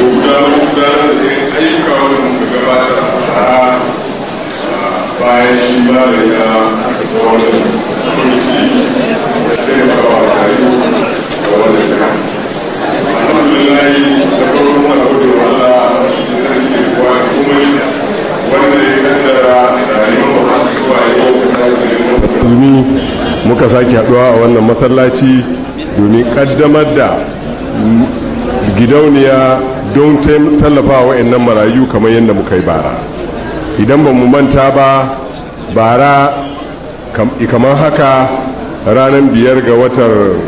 Speaker 5: gudanar muka a a sake muka sake a wannan masallaci domin da gidauniya don tallafawa wa nan marayu kamar yadda muka yi bara idan ba mu manta ba bara kamar haka ranar biyar ga watan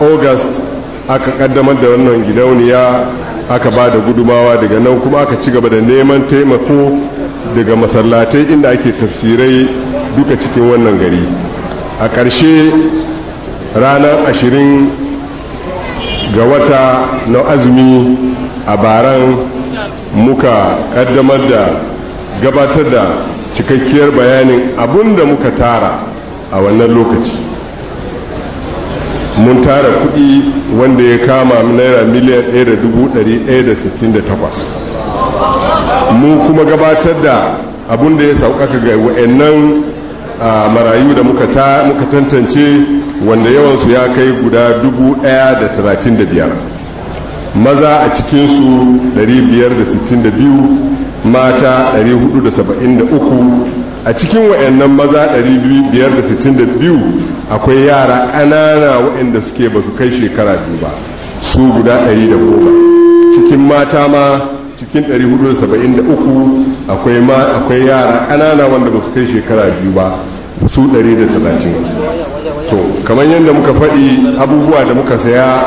Speaker 5: august aka kaddamar da wannan gidauniya aka ba da gudumawa daga nan kuma aka ci gaba da neman taimako daga masallatai inda ake tafsirai duka cikin wannan gari a ƙarshe ranar ashirin ga wata na azumi a baran muka kaddamar da gabatar da cikakkiyar bayanin abun da muka tara a wannan lokaci mun tara kudi wanda ya kama naira miliyan 1,168 mu kuma gabatar da abun da ya sauƙaƙa ga wa'annan marayu da muka tantance wanda yawansu ya kai guda biyar. maza a cikinsu 562 mata 473 a cikin wa'annan maza 562 akwai yara ƙanana waɗanda suke ba su kai shekara biyu ba su guda 110 cikin mata ma cikin 473 akwai ma akwai yara ƙanana wanda ba su kai shekara biyu ba su 130 to kamar yadda muka faɗi abubuwa da muka saya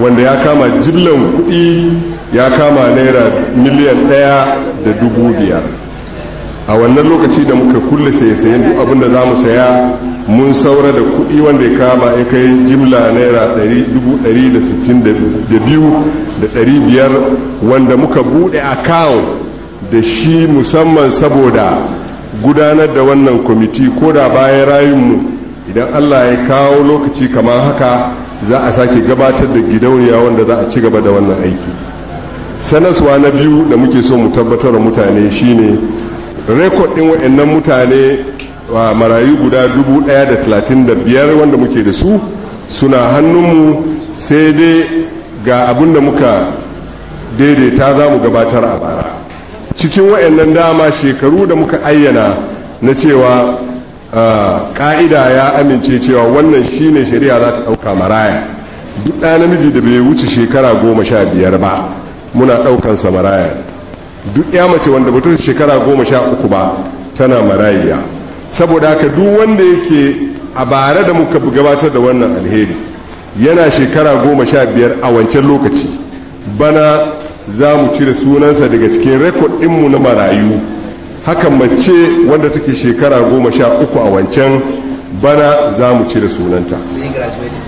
Speaker 5: wanda ya kama jiblan kuɗi ya kama naira miliyan ɗaya da dubu biyar a wannan lokaci da muka kulle saye-sayen duk abin da za mu saya mun saura da kuɗi wanda ya kama ya kai jimla naira biyar wanda muka buɗe account da shi musamman saboda gudanar da wannan kwamiti ko da bayan rayunmu idan allah ya kawo lokaci kamar haka za a sake gabatar da gidauniya wanda za a ci gaba da wannan aiki sanaswa na biyu da muke so mu tabbatar mutane shine rekod ɗin wa'annan mutane a marayu guda biyar wanda muke da su suna hannunmu sai dai ga abin da muka daidaita za mu gabatar a bara cikin wa'annan dama shekaru da muka ayyana na cewa ƙa'ida ya amince cewa wannan shine shari'a za ta ɗauka maraya duk ɗa namiji da bai wuce shekara goma sha biyar ba muna ɗaukansa maraya duk ya mace wanda ba ta shekara goma sha uku ba tana marayiya saboda haka duk wanda yake a bare da muka gabatar da wannan alheri yana shekara goma sha biyar a wancan lokaci bana za mu cire sunansa daga cikin rekod ɗinmu na marayu haka mace wanda take shekara goma sha uku a wancan bana za mu cire sunanta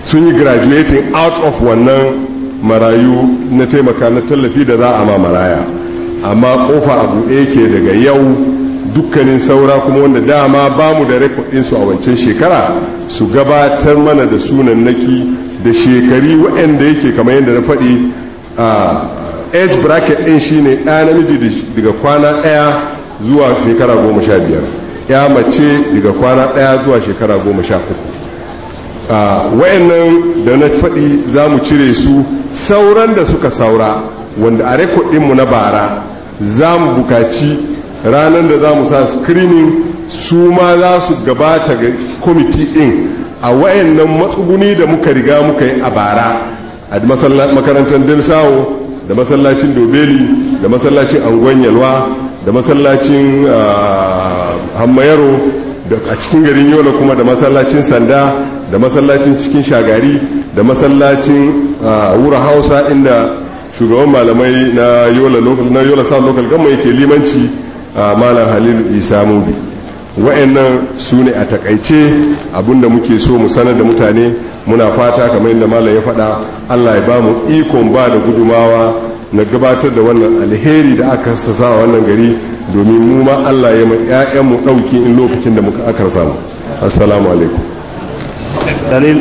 Speaker 5: sun yi graduating out of wannan marayu na taimaka na tallafi da za a ma maraya amma kofa a buɗe yake daga yau dukkanin saura kuma wanda dama ba mu da su a wancan shekara su gabatar mana da sunannaki da shekari waɗanda yake kamar yadda na faɗi a ah, age bracket ɗin shine ɗaya namiji daga kwana ɗaya zuwa shekara goma sha biyar ya mace daga kwana ɗaya zuwa shekara goma sha uku wa'annan da na faɗi za mu cire su sauran da suka saura wanda a rekodinmu na bara za mu bukaci ranar da za mu sa screening su ma za su gabata ga kwamiti ɗin a wayannan matsuguni da muka riga muka yi a bara a makarantar dalsawo da masallacin dobeli da masallacin angon yalwa da masallacin ah, hammayaro da a cikin garin yola kuma da masallacin sanda da masallacin cikin shagari da masallacin ah, wura hausa inda shugaban malamai na yola na yola sa local gama yake limanci ah, malam halil isa mubi wa'annan su ne a takaice abinda muke so mu sanar da mutane muna fata kamar yadda malam ya faɗa allah ya ba mu ikon ba da gudumawa na gabatar da wannan alheri da aka sassa wannan gari domin mu ma Allah ya ma 'ya'yanmu ɗauki in lokacin da muka aka samu assalamu alaikum dalil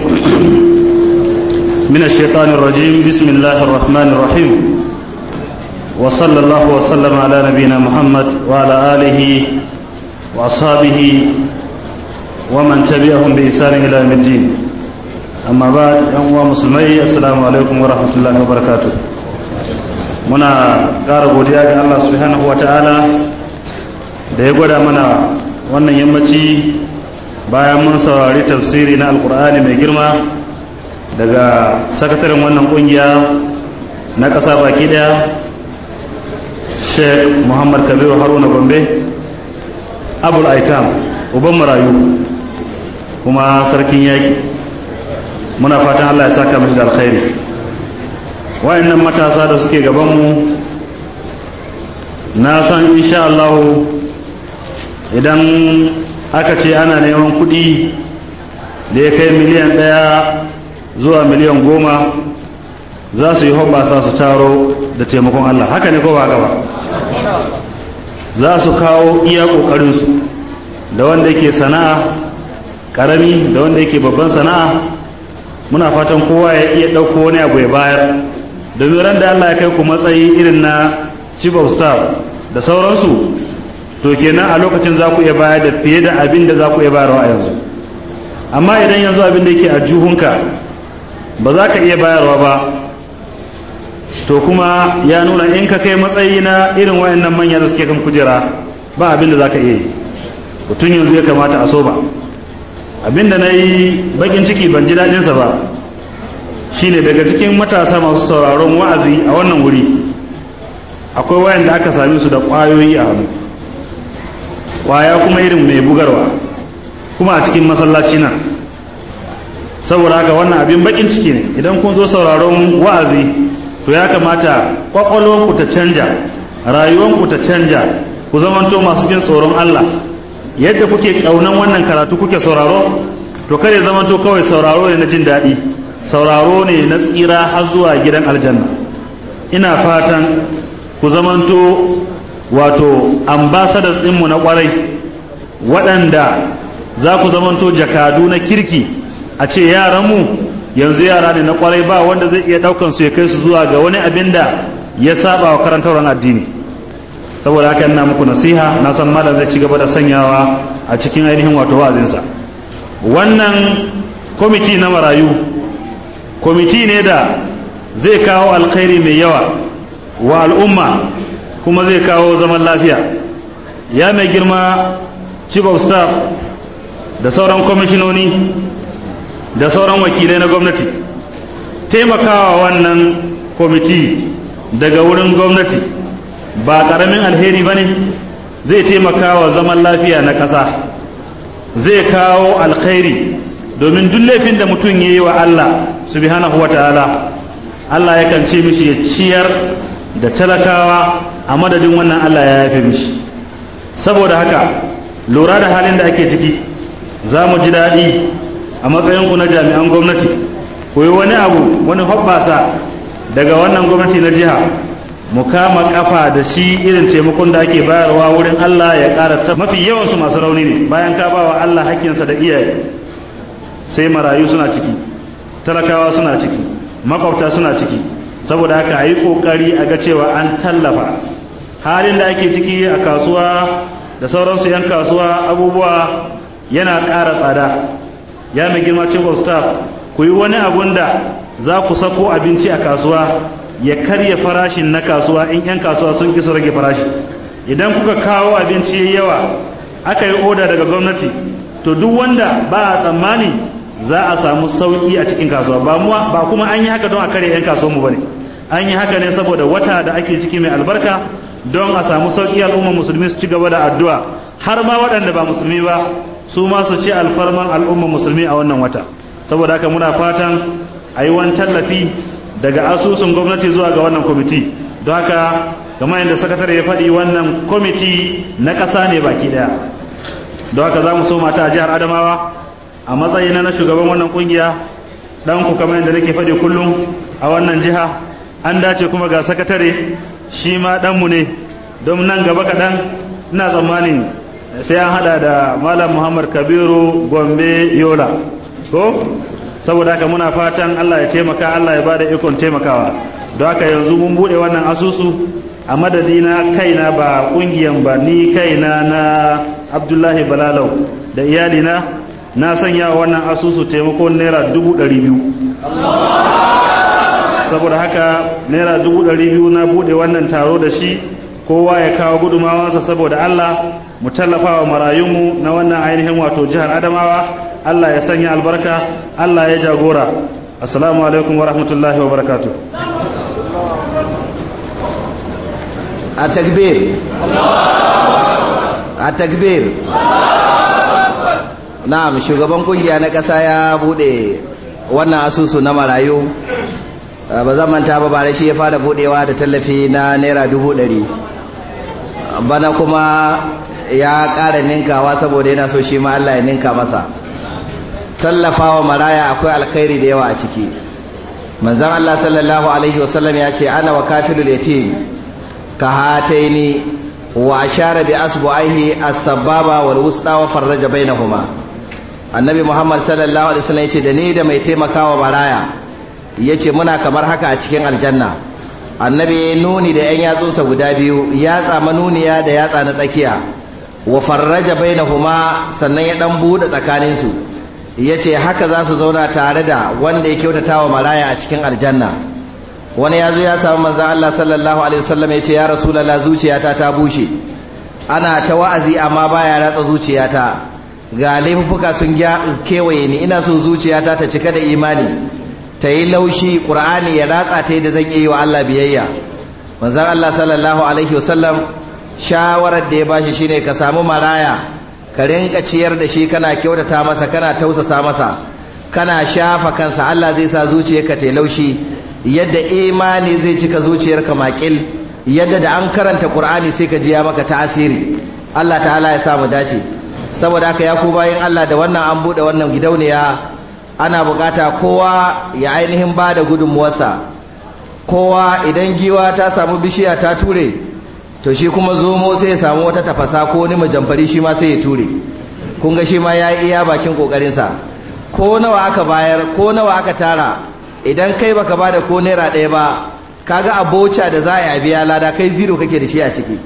Speaker 5: min ash-shaytanir rajim
Speaker 6: bismillahir rahmanir rahim wa sallallahu wa sallama ala nabiyyina muhammad wa ala alihi wa ashabihi wa man tabi'ahum bi ihsan ila yawmiddin amma ba'd yan uwa musulmai assalamu alaikum wa rahmatullahi wa barakatuh muna ƙara godiya ga Allah subhanahu wa ta'ala da ya gwada mana wannan yammaci bayan mun saurari tafsiri na alkur'ani mai girma daga sakataren wannan ƙungiya na ƙasa baki ɗaya sheikh muhammad kabiru haruna gombe abul aitam uban marayu kuma sarkin yaƙi muna fatan allah ya saka mashi da alkhairi wayannan matasa da suke gabanmu na san insha Allah idan aka ce ana neman kuɗi da ya kai miliyan ɗaya zuwa miliyan goma za su yi hoɓasa su taro da taimakon Allah haka ne ko gaba za su kawo iya ƙoƙarinsu da wanda yake sana'a ƙarami da wanda yake babban sana'a muna fatan kowa ya iya ɗauko wani abu ya bayar da ran da Allah ya kai ku matsayi irin na chief of staff da sauransu to kenan a lokacin za ku iya bayar da fiye da abin da za ku iya bayarwa a yanzu amma idan yanzu abin da yake a juhunka ba za ka iya bayarwa ba to kuma ya nuna in ka kai matsayi na irin wayannan manya da suke kan kujera ba abin da za ka iya yi mutum yanzu ya kamata a so ba abin da na yi bakin ciki ban ji daɗinsa ba shine daga cikin matasa masu sauraron wa'azi a wannan wuri akwai wayanda aka same su da kwayoyi a hannu kwaya kuma irin mai bugarwa kuma a cikin masallaci na saboda haka wannan abin bakin ciki ne idan kun zo sauraron wa'azi to ya kamata ku ta canja rayuwanku ta canja ku zamanto masu jin tsoron Allah yadda kuke kaunan wannan karatu kuke sauraro to kare zamanto kawai sauraro ne na jin daɗi sauraro ne na tsira har zuwa gidan aljanna ina fatan ku zamanto wato ambassadors ɗinmu na kwarai waɗanda za ku zamanto jakadu na kirki a ce yaranmu yanzu yara ne na kwarai ba wanda zai iya ɗaukan su ya kai su zuwa ga wani abin da ya saba wa karantarwar addini saboda haka ina muku nasiha na san malam zai ci gaba da sanyawa a cikin ainihin wato wa'azinsa wannan kwamiti na marayu kwamiti ne da zai kawo alkhairi mai yawa wa al'umma kuma zai kawo zaman lafiya ya mai girma chief of staff da sauran kwamishinoni da sauran wakilai na gwamnati taimakawa wannan kwamiti daga wurin gwamnati ba ƙaramin alheri ba ne zai taimakawa zaman lafiya na ƙasa zai kawo alkhairi domin duk laifin da mutum ya yi wa Allah su bi hana wa ta'ala Allah yakan ce mishi ya ciyar da talakawa a madadin wannan Allah ya yafe mishi saboda haka lura da halin da ake ciki za mu ji daɗi a matsayinku na jami'an gwamnati ku yi wani abu wani hoɓɓasa daga wannan gwamnati na jiha mu kama kafa da shi irin taimakon da ake bayarwa wurin Allah ya ƙara mafi yawansu masu rauni ne bayan ka ba wa Allah haƙƙinsa da iyaye sai marayu suna ciki talakawa suna ciki makwabta suna ciki saboda haka a yi ƙoƙari a ga cewa an tallafa halin da ake ciki a kasuwa da sauransu 'yan kasuwa abubuwa yana ƙara tsada ya mai girma chief of staff ku yi wani abun da za ku sako abinci a kasuwa ya karya farashin na kasuwa in 'yan kasuwa sun kisa rage farashi idan kuka kawo abinci yawa aka yi oda daga gwamnati to duk wanda ba a tsammani za a samu sauki a cikin kasuwa ba ba kuma an yi haka don a kare 'yan kasuwanmu ba ne an yi haka ne saboda wata da ake ciki mai albarka don a samu sauki al'ummar musulmi su ci gaba da addu'a har ma waɗanda ba musulmi ba su ma su ci alfarman al'ummar musulmi a wannan wata saboda haka muna fatan a yi wani tallafi daga asusun gwamnati zuwa ga wannan kwamiti don haka kamar yadda sakatare ya faɗi wannan kwamiti na ƙasa ne baki ɗaya don haka za mu so mata a jihar adamawa a matsayina na shugaban wannan kungiya dan ku kamar yadda nake faɗi kullum a wannan jiha an dace kuma ga sakatare shi ma ɗanmu ne don nan gaba kaɗan ina tsammanin sai an haɗa da malam muhammad kabiru gombe yola ko saboda haka muna fatan allah ya taimaka allah ya ba da ikon taimakawa don haka yanzu mun buɗe wannan asusu a madadi na kaina ba ƙungiyan ba ni kaina na abdullahi balalau da iyalina na sanya wannan asusu taimakon naira dubu ɗari biyu saboda haka naira dubu ɗari biyu na buɗe wannan taro da shi kowa ya kawo gudumawansa saboda allah mu tallafa wa marayunmu na wannan ainihin wato jihar adamawa allah ya sanya albarka allah ya jagora assalamu alaikum wa rahmatullahi wa barakatu
Speaker 2: a takbir a takbir na'am shugaban kungiya na ƙasa ya bude wannan asusu na marayu ah, ba zan manta ba bare shi ya fara budewa da tallafi na naira dubu ɗari bana kuma ya kara ninkawa saboda yana so shi ma Allah ya ninka masa tallafawa maraya akwai alkhairi da yawa a ciki manzan Allah sallallahu alaihi wasallam ya ce ana wa kafilul yatim ka hataini wa ashara bi asbu'aihi as-sababa wal wusta wa farraja bainahuma annabi muhammad sallallahu alaihi wasallam yace da ni da mai taimakawa baraya yace muna kamar haka a cikin aljanna annabi ya nuni da yan yatsunsa guda biyu yatsa manuniya da yatsa na tsakiya wa farraja bainahuma sannan ya dan bude tsakanin su yace haka za su zauna tare da wanda ya kyautata wa maraya a cikin aljanna wani ya zo ya samu manzan Allah sallallahu alaihi wasallam ya ce ya rasulallah zuciyata ta bushe ana ta wa'azi amma baya ratsa zuciyata ga laifuka sun kewaye ni ina so zuciyata ta cika da imani ta yi laushi ƙur'ani ya ratsa ta da zan yi wa Allah biyayya manzan Allah sallallahu alaihi wasallam shawarar da ya bashi shine ka samu maraya ka rinka ciyar da shi kana kyautata masa kana tausasa masa kana shafa kansa Allah zai sa zuciyarka ta yi laushi yadda imani zai cika zuciyarka makil yadda da an karanta qur'ani sai ka ji ya maka tasiri Allah ta'ala ya samu dace saboda haka ya ku bayan Allah da wannan an bude wannan gidauniya ana bukata kowa ya ainihin ba da gudunmuwarsa kowa idan giwa ta samu bishiya ta ture to shi kuma zomo sai ya samu wata tafasa ko wani majanfari shi ma sai ya ture kun ga shi ma ya iya bakin kokarinsa ko nawa aka bayar ko nawa aka tara idan kai baka bada ko naira ɗaya ba ka ga bocha da za a biya lada kai zero kake da shi a ciki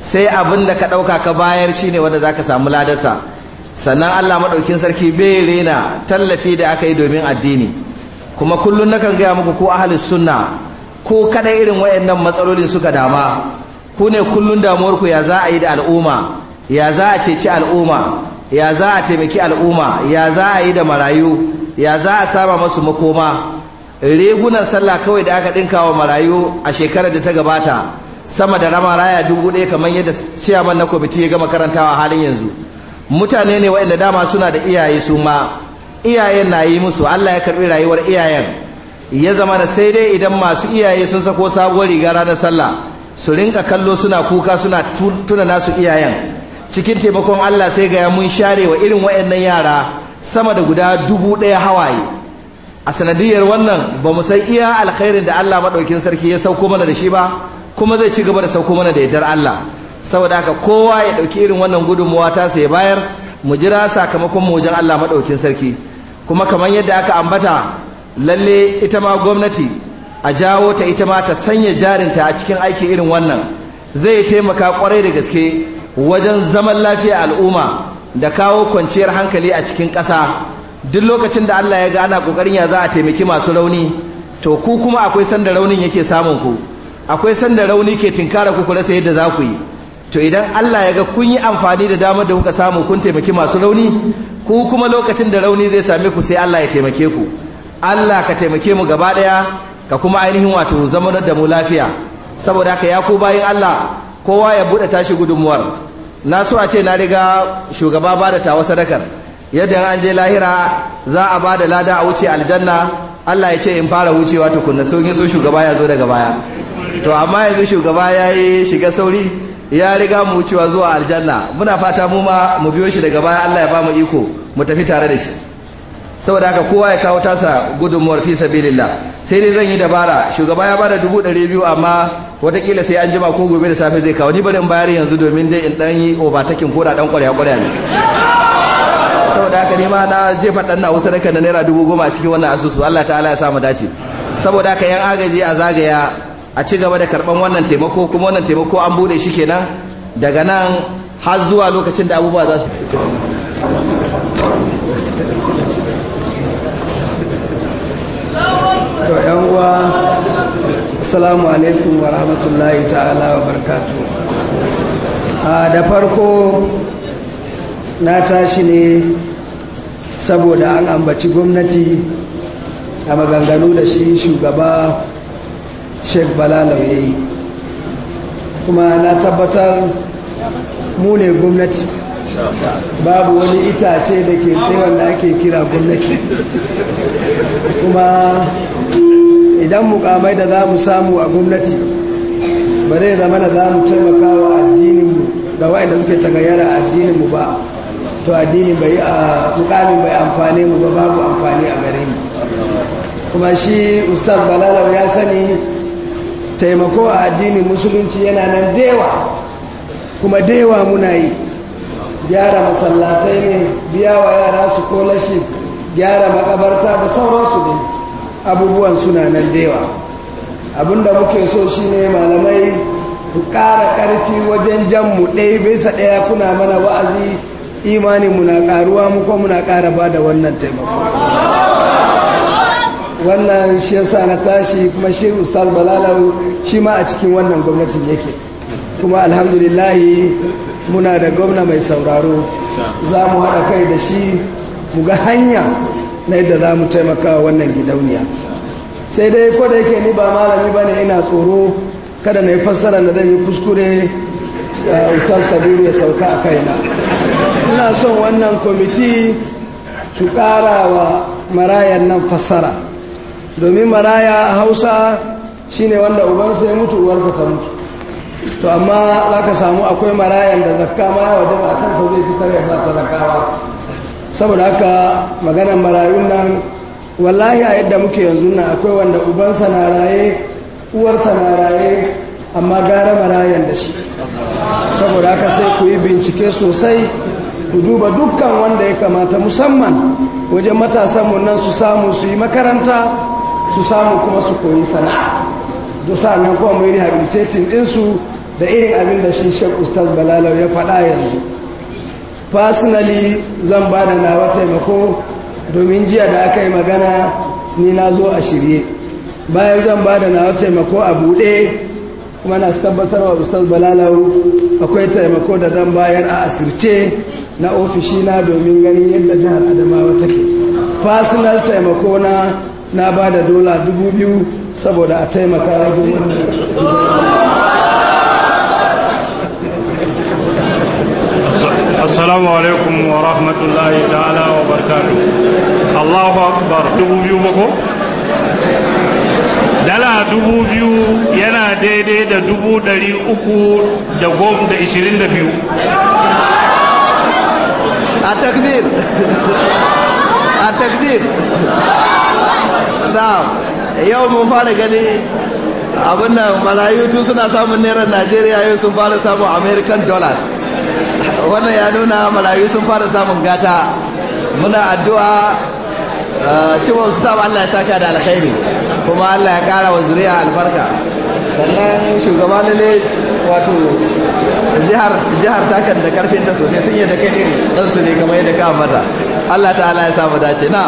Speaker 2: sai abin da ka ɗauka ka bayar shi ne wanda za ka samu ladarsa sannan allah maɗaukin sarki bai rena tallafi da aka yi domin addini kuma kullum nakan gaya muku ko ahalin sunna ko kada irin wayannan matsalolin suka dama ku ne kullum ku ya za a yi da al'umma ya za a ceci al'umma ya za a taimaki al'umma ya za a yi da marayu ya za a saba masu makoma regunan sallah kawai da aka ɗinka wa marayu a shekarar da ta gabata sama da rama raya dubu ɗaya kamar yadda ciyaman na kwamiti ya gama karantawa halin yanzu mutane ne waɗanda dama suna da iyaye su ma iyayen na yi musu allah ya karɓi rayuwar iyayen ya zama da sai dai idan masu iyaye sun sako sabuwar riga ranar sallah su rinka kallo suna kuka suna tuna nasu iyayen cikin taimakon allah sai ga mun share wa irin waɗannan yara sama da guda dubu ɗaya hawaye a sanadiyar wannan ba mu san iya alkhairin da Allah maɗaukin sarki ya sauko mana da shi ba kuma zai ci gaba da sauko mana da yardar Allah saboda haka kowa ya ɗauki irin wannan gudunmuwa ta sai bayar mu jira sakamakon mu wajen Allah maɗaukin sarki kuma kamar yadda aka ambata lalle ita ma gwamnati a jawo ta ita ma ta sanya jarinta a cikin aiki irin wannan zai taimaka kwarai da gaske wajen zaman lafiya al'umma da kawo kwanciyar hankali a cikin ƙasa duk lokacin da Allah ya ga ana kokarin ya za a taimaki masu rauni to ku kuma akwai sanda raunin yake samun ku akwai sanda rauni ke tinkara ku rasa yadda za ku yi to idan Allah ya ga kun yi amfani da damar da kuka samu kun taimaki masu rauni ku kuma lokacin da rauni zai same ku sai Allah ya taimake ku Allah ka taimake mu gaba daya ka kuma ainihin wato zama da mu lafiya saboda haka ya ku bayin Allah kowa ya bude tashi gudunmuwar na so a ce na riga shugaba ba da tawa sadakar yadda an je lahira za a ba da lada a wuce aljanna Allah ya ce in fara wucewa tukunna sun yi shugaba ya zo daga baya to amma yanzu shugaba ya yi shiga sauri ya riga mu wucewa zuwa aljanna muna fata mu ma mu biyo shi daga baya Allah ya ba mu iko mu tafi tare da shi saboda haka kowa ya kawo tasa gudunmuwar fi sabilillah sai dai zan yi dabara shugaba ya bada dubu ɗari biyu amma watakila sai an jima ko gobe da safe zai kawo ni bari in bayar yanzu domin dai in ɗan yi obatakin ko da ɗan ƙwarya ƙwarya ne saboda haka ne na jefa dan na wasu daga naira dubu goma a cikin wannan asusu Allah ta'ala ya samu dace saboda haka yan agaji a zagaya a ci gaba da karban wannan taimako kuma wannan taimako an bude shi kenan daga nan har zuwa lokacin da abubuwa za su to
Speaker 4: yan ah, da farko na tashi ne saboda an ambaci gwamnati a maganganu da shi shugaba sheikh balalau ya yi kuma na tabbatar mu ne gwamnati babu wani itace da ke tsaye da ake kira gwamnati kuma idan mukamai da za mu samu a gwamnati ba zai zama da za mu taimaka wa addininmu da waɗanda suke tagayyara addininmu ba to addini bai a mukamin bai amfane mu ba babu amfani a gare mu kuma shi ustaz balalau ya sani taimako a addinin musulunci yana nan dewa kuma dewa muna yi gyara masallatai ne biya wa yara su kolashi gyara makabarta da sauransu dai abubuwan suna nan dewa abinda muke so shi ne malamai ku ƙara ƙarfi wajen jan mu ɗaya bisa ɗaya kuna mana wa'azi imani muna karuwa mu ko muna kara ba da wannan taimako wannan shi yasa na tashi kuma shi ustaz balalau shi ma a cikin wannan gwamnatin yake kuma alhamdulillahi muna da gwamna mai sauraro za mu haɗa kai da shi mu ga hanya na yadda za mu taimaka wannan gidauniya sai dai ko da yake ni ba malami ba ne ina tsoro kada na yi fassara da zai yi kuskure eh, ustaz kabiru ya sauka a kaina ina son wannan kwamiti su ƙara wa marayan nan fassara domin maraya hausa shine wanda ubansa ya mutu uwarsa ta mutu to amma za ka samu akwai marayan da zakka ma yawa da kansa zai fitar ya ba talakawa saboda haka maganar marayun nan wallahi a yadda muke yanzu nan akwai wanda ubansa na raye uwarsa na raye amma gara marayan da shi saboda haka sai ku yi bincike sosai ku duba dukkan wanda ya kamata musamman wajen matasanmu nan su samu su yi makaranta su samu kuma su koyi sana'a dusa nan kuma mai rehabilitating ɗinsu da irin abin da shi shek ustaz balalau ya faɗa yanzu personally zan ba da nawa taimako domin jiya da aka yi magana ni na zo a shirye bayan zan ba da nawa taimako a buɗe kuma na tabbatar wa ustaz balalau akwai taimako da zan bayar a asirce na ofishina domin ganin yadda jihar adamawa take fasinal taimako na na ba da dola dubu biyu saboda a taimaka wajen
Speaker 6: assalamu alaikum wa rahmatullahi ta'ala wa barkatu allahu akbar dubu biyu bako da dubu dari uku da gom da ishirin da biyu
Speaker 2: a takbir a takbir da yau mun fara gani abin marayu tun suna samun naira najeriya yau sun fara samun american dollars wannan ya nuna marayu sun fara samun gata muna addu'a eh, cewa su allah ya saka da alkhairi kuma allah ya ƙara wa zuri'a albarka sannan shugaba lalle wato jihar jihar ta da karfin ta sosai sun yadda kai din dan su ne kamar yadda ka mata Allah ta'ala ya samu dace na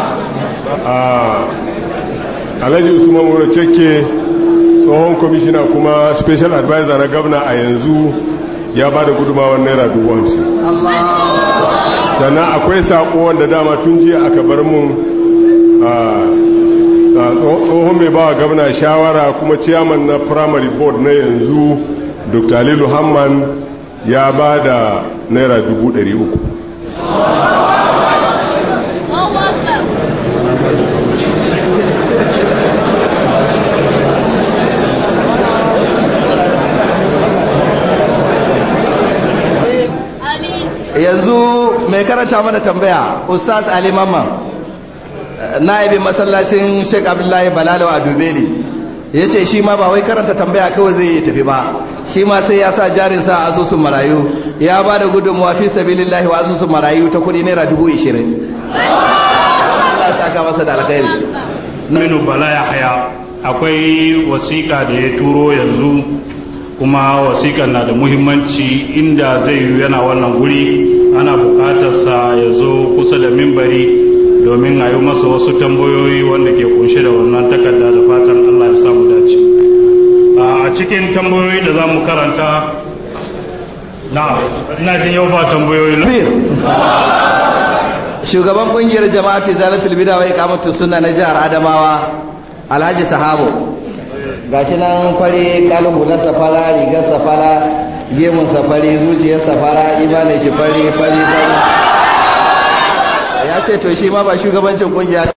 Speaker 5: Alhaji Usman Moro Cekke tsohon kwamishina kuma special advisor na gabna a yanzu ya ba da gudunmawar naira dubu hamsin sannan akwai saƙo wanda dama tun jiya aka bar mun tsohon mai ba gabna shawara kuma ciyaman na primary board na yanzu dr lilu hamman ya ba da naira dubu
Speaker 2: yanzu mai karanta mana tambaya ustaz ali mamman naibin masallacin sheik abdullahi balalawa a dubeli ya ce shi ma ba wai karanta tambaya kawai zai yi tafi ba shi ma sai ya sa jarinsa a asusun marayu ya ba da gudunmuwa fi sabilillahi wa asusun marayu ta kudi naira dubu ishirin Allah ta ka masa da alkhairi
Speaker 6: minu bala ya haya akwai wasiƙa da ya turo yanzu kuma wasiƙa na da muhimmanci inda zai yana wannan guri ana buƙatarsa ya zo kusa da mimbari domin a yi masa wasu tambayoyi wanda ke kunshe da wannan takarda da fatan allah ya samu dace a cikin tambayoyi da za mu karanta na ina
Speaker 2: jin yau ba tambayoyi shugaban kungiyar jama'atu zalatul bida wa iqamatu sunna na jihar adamawa alhaji sahabo gashi nan fari kalubu na safara rigar safara gemun safari zuciyar safara imanin shi fari fari fari ce to shi ma ba shugabancin
Speaker 3: kungiya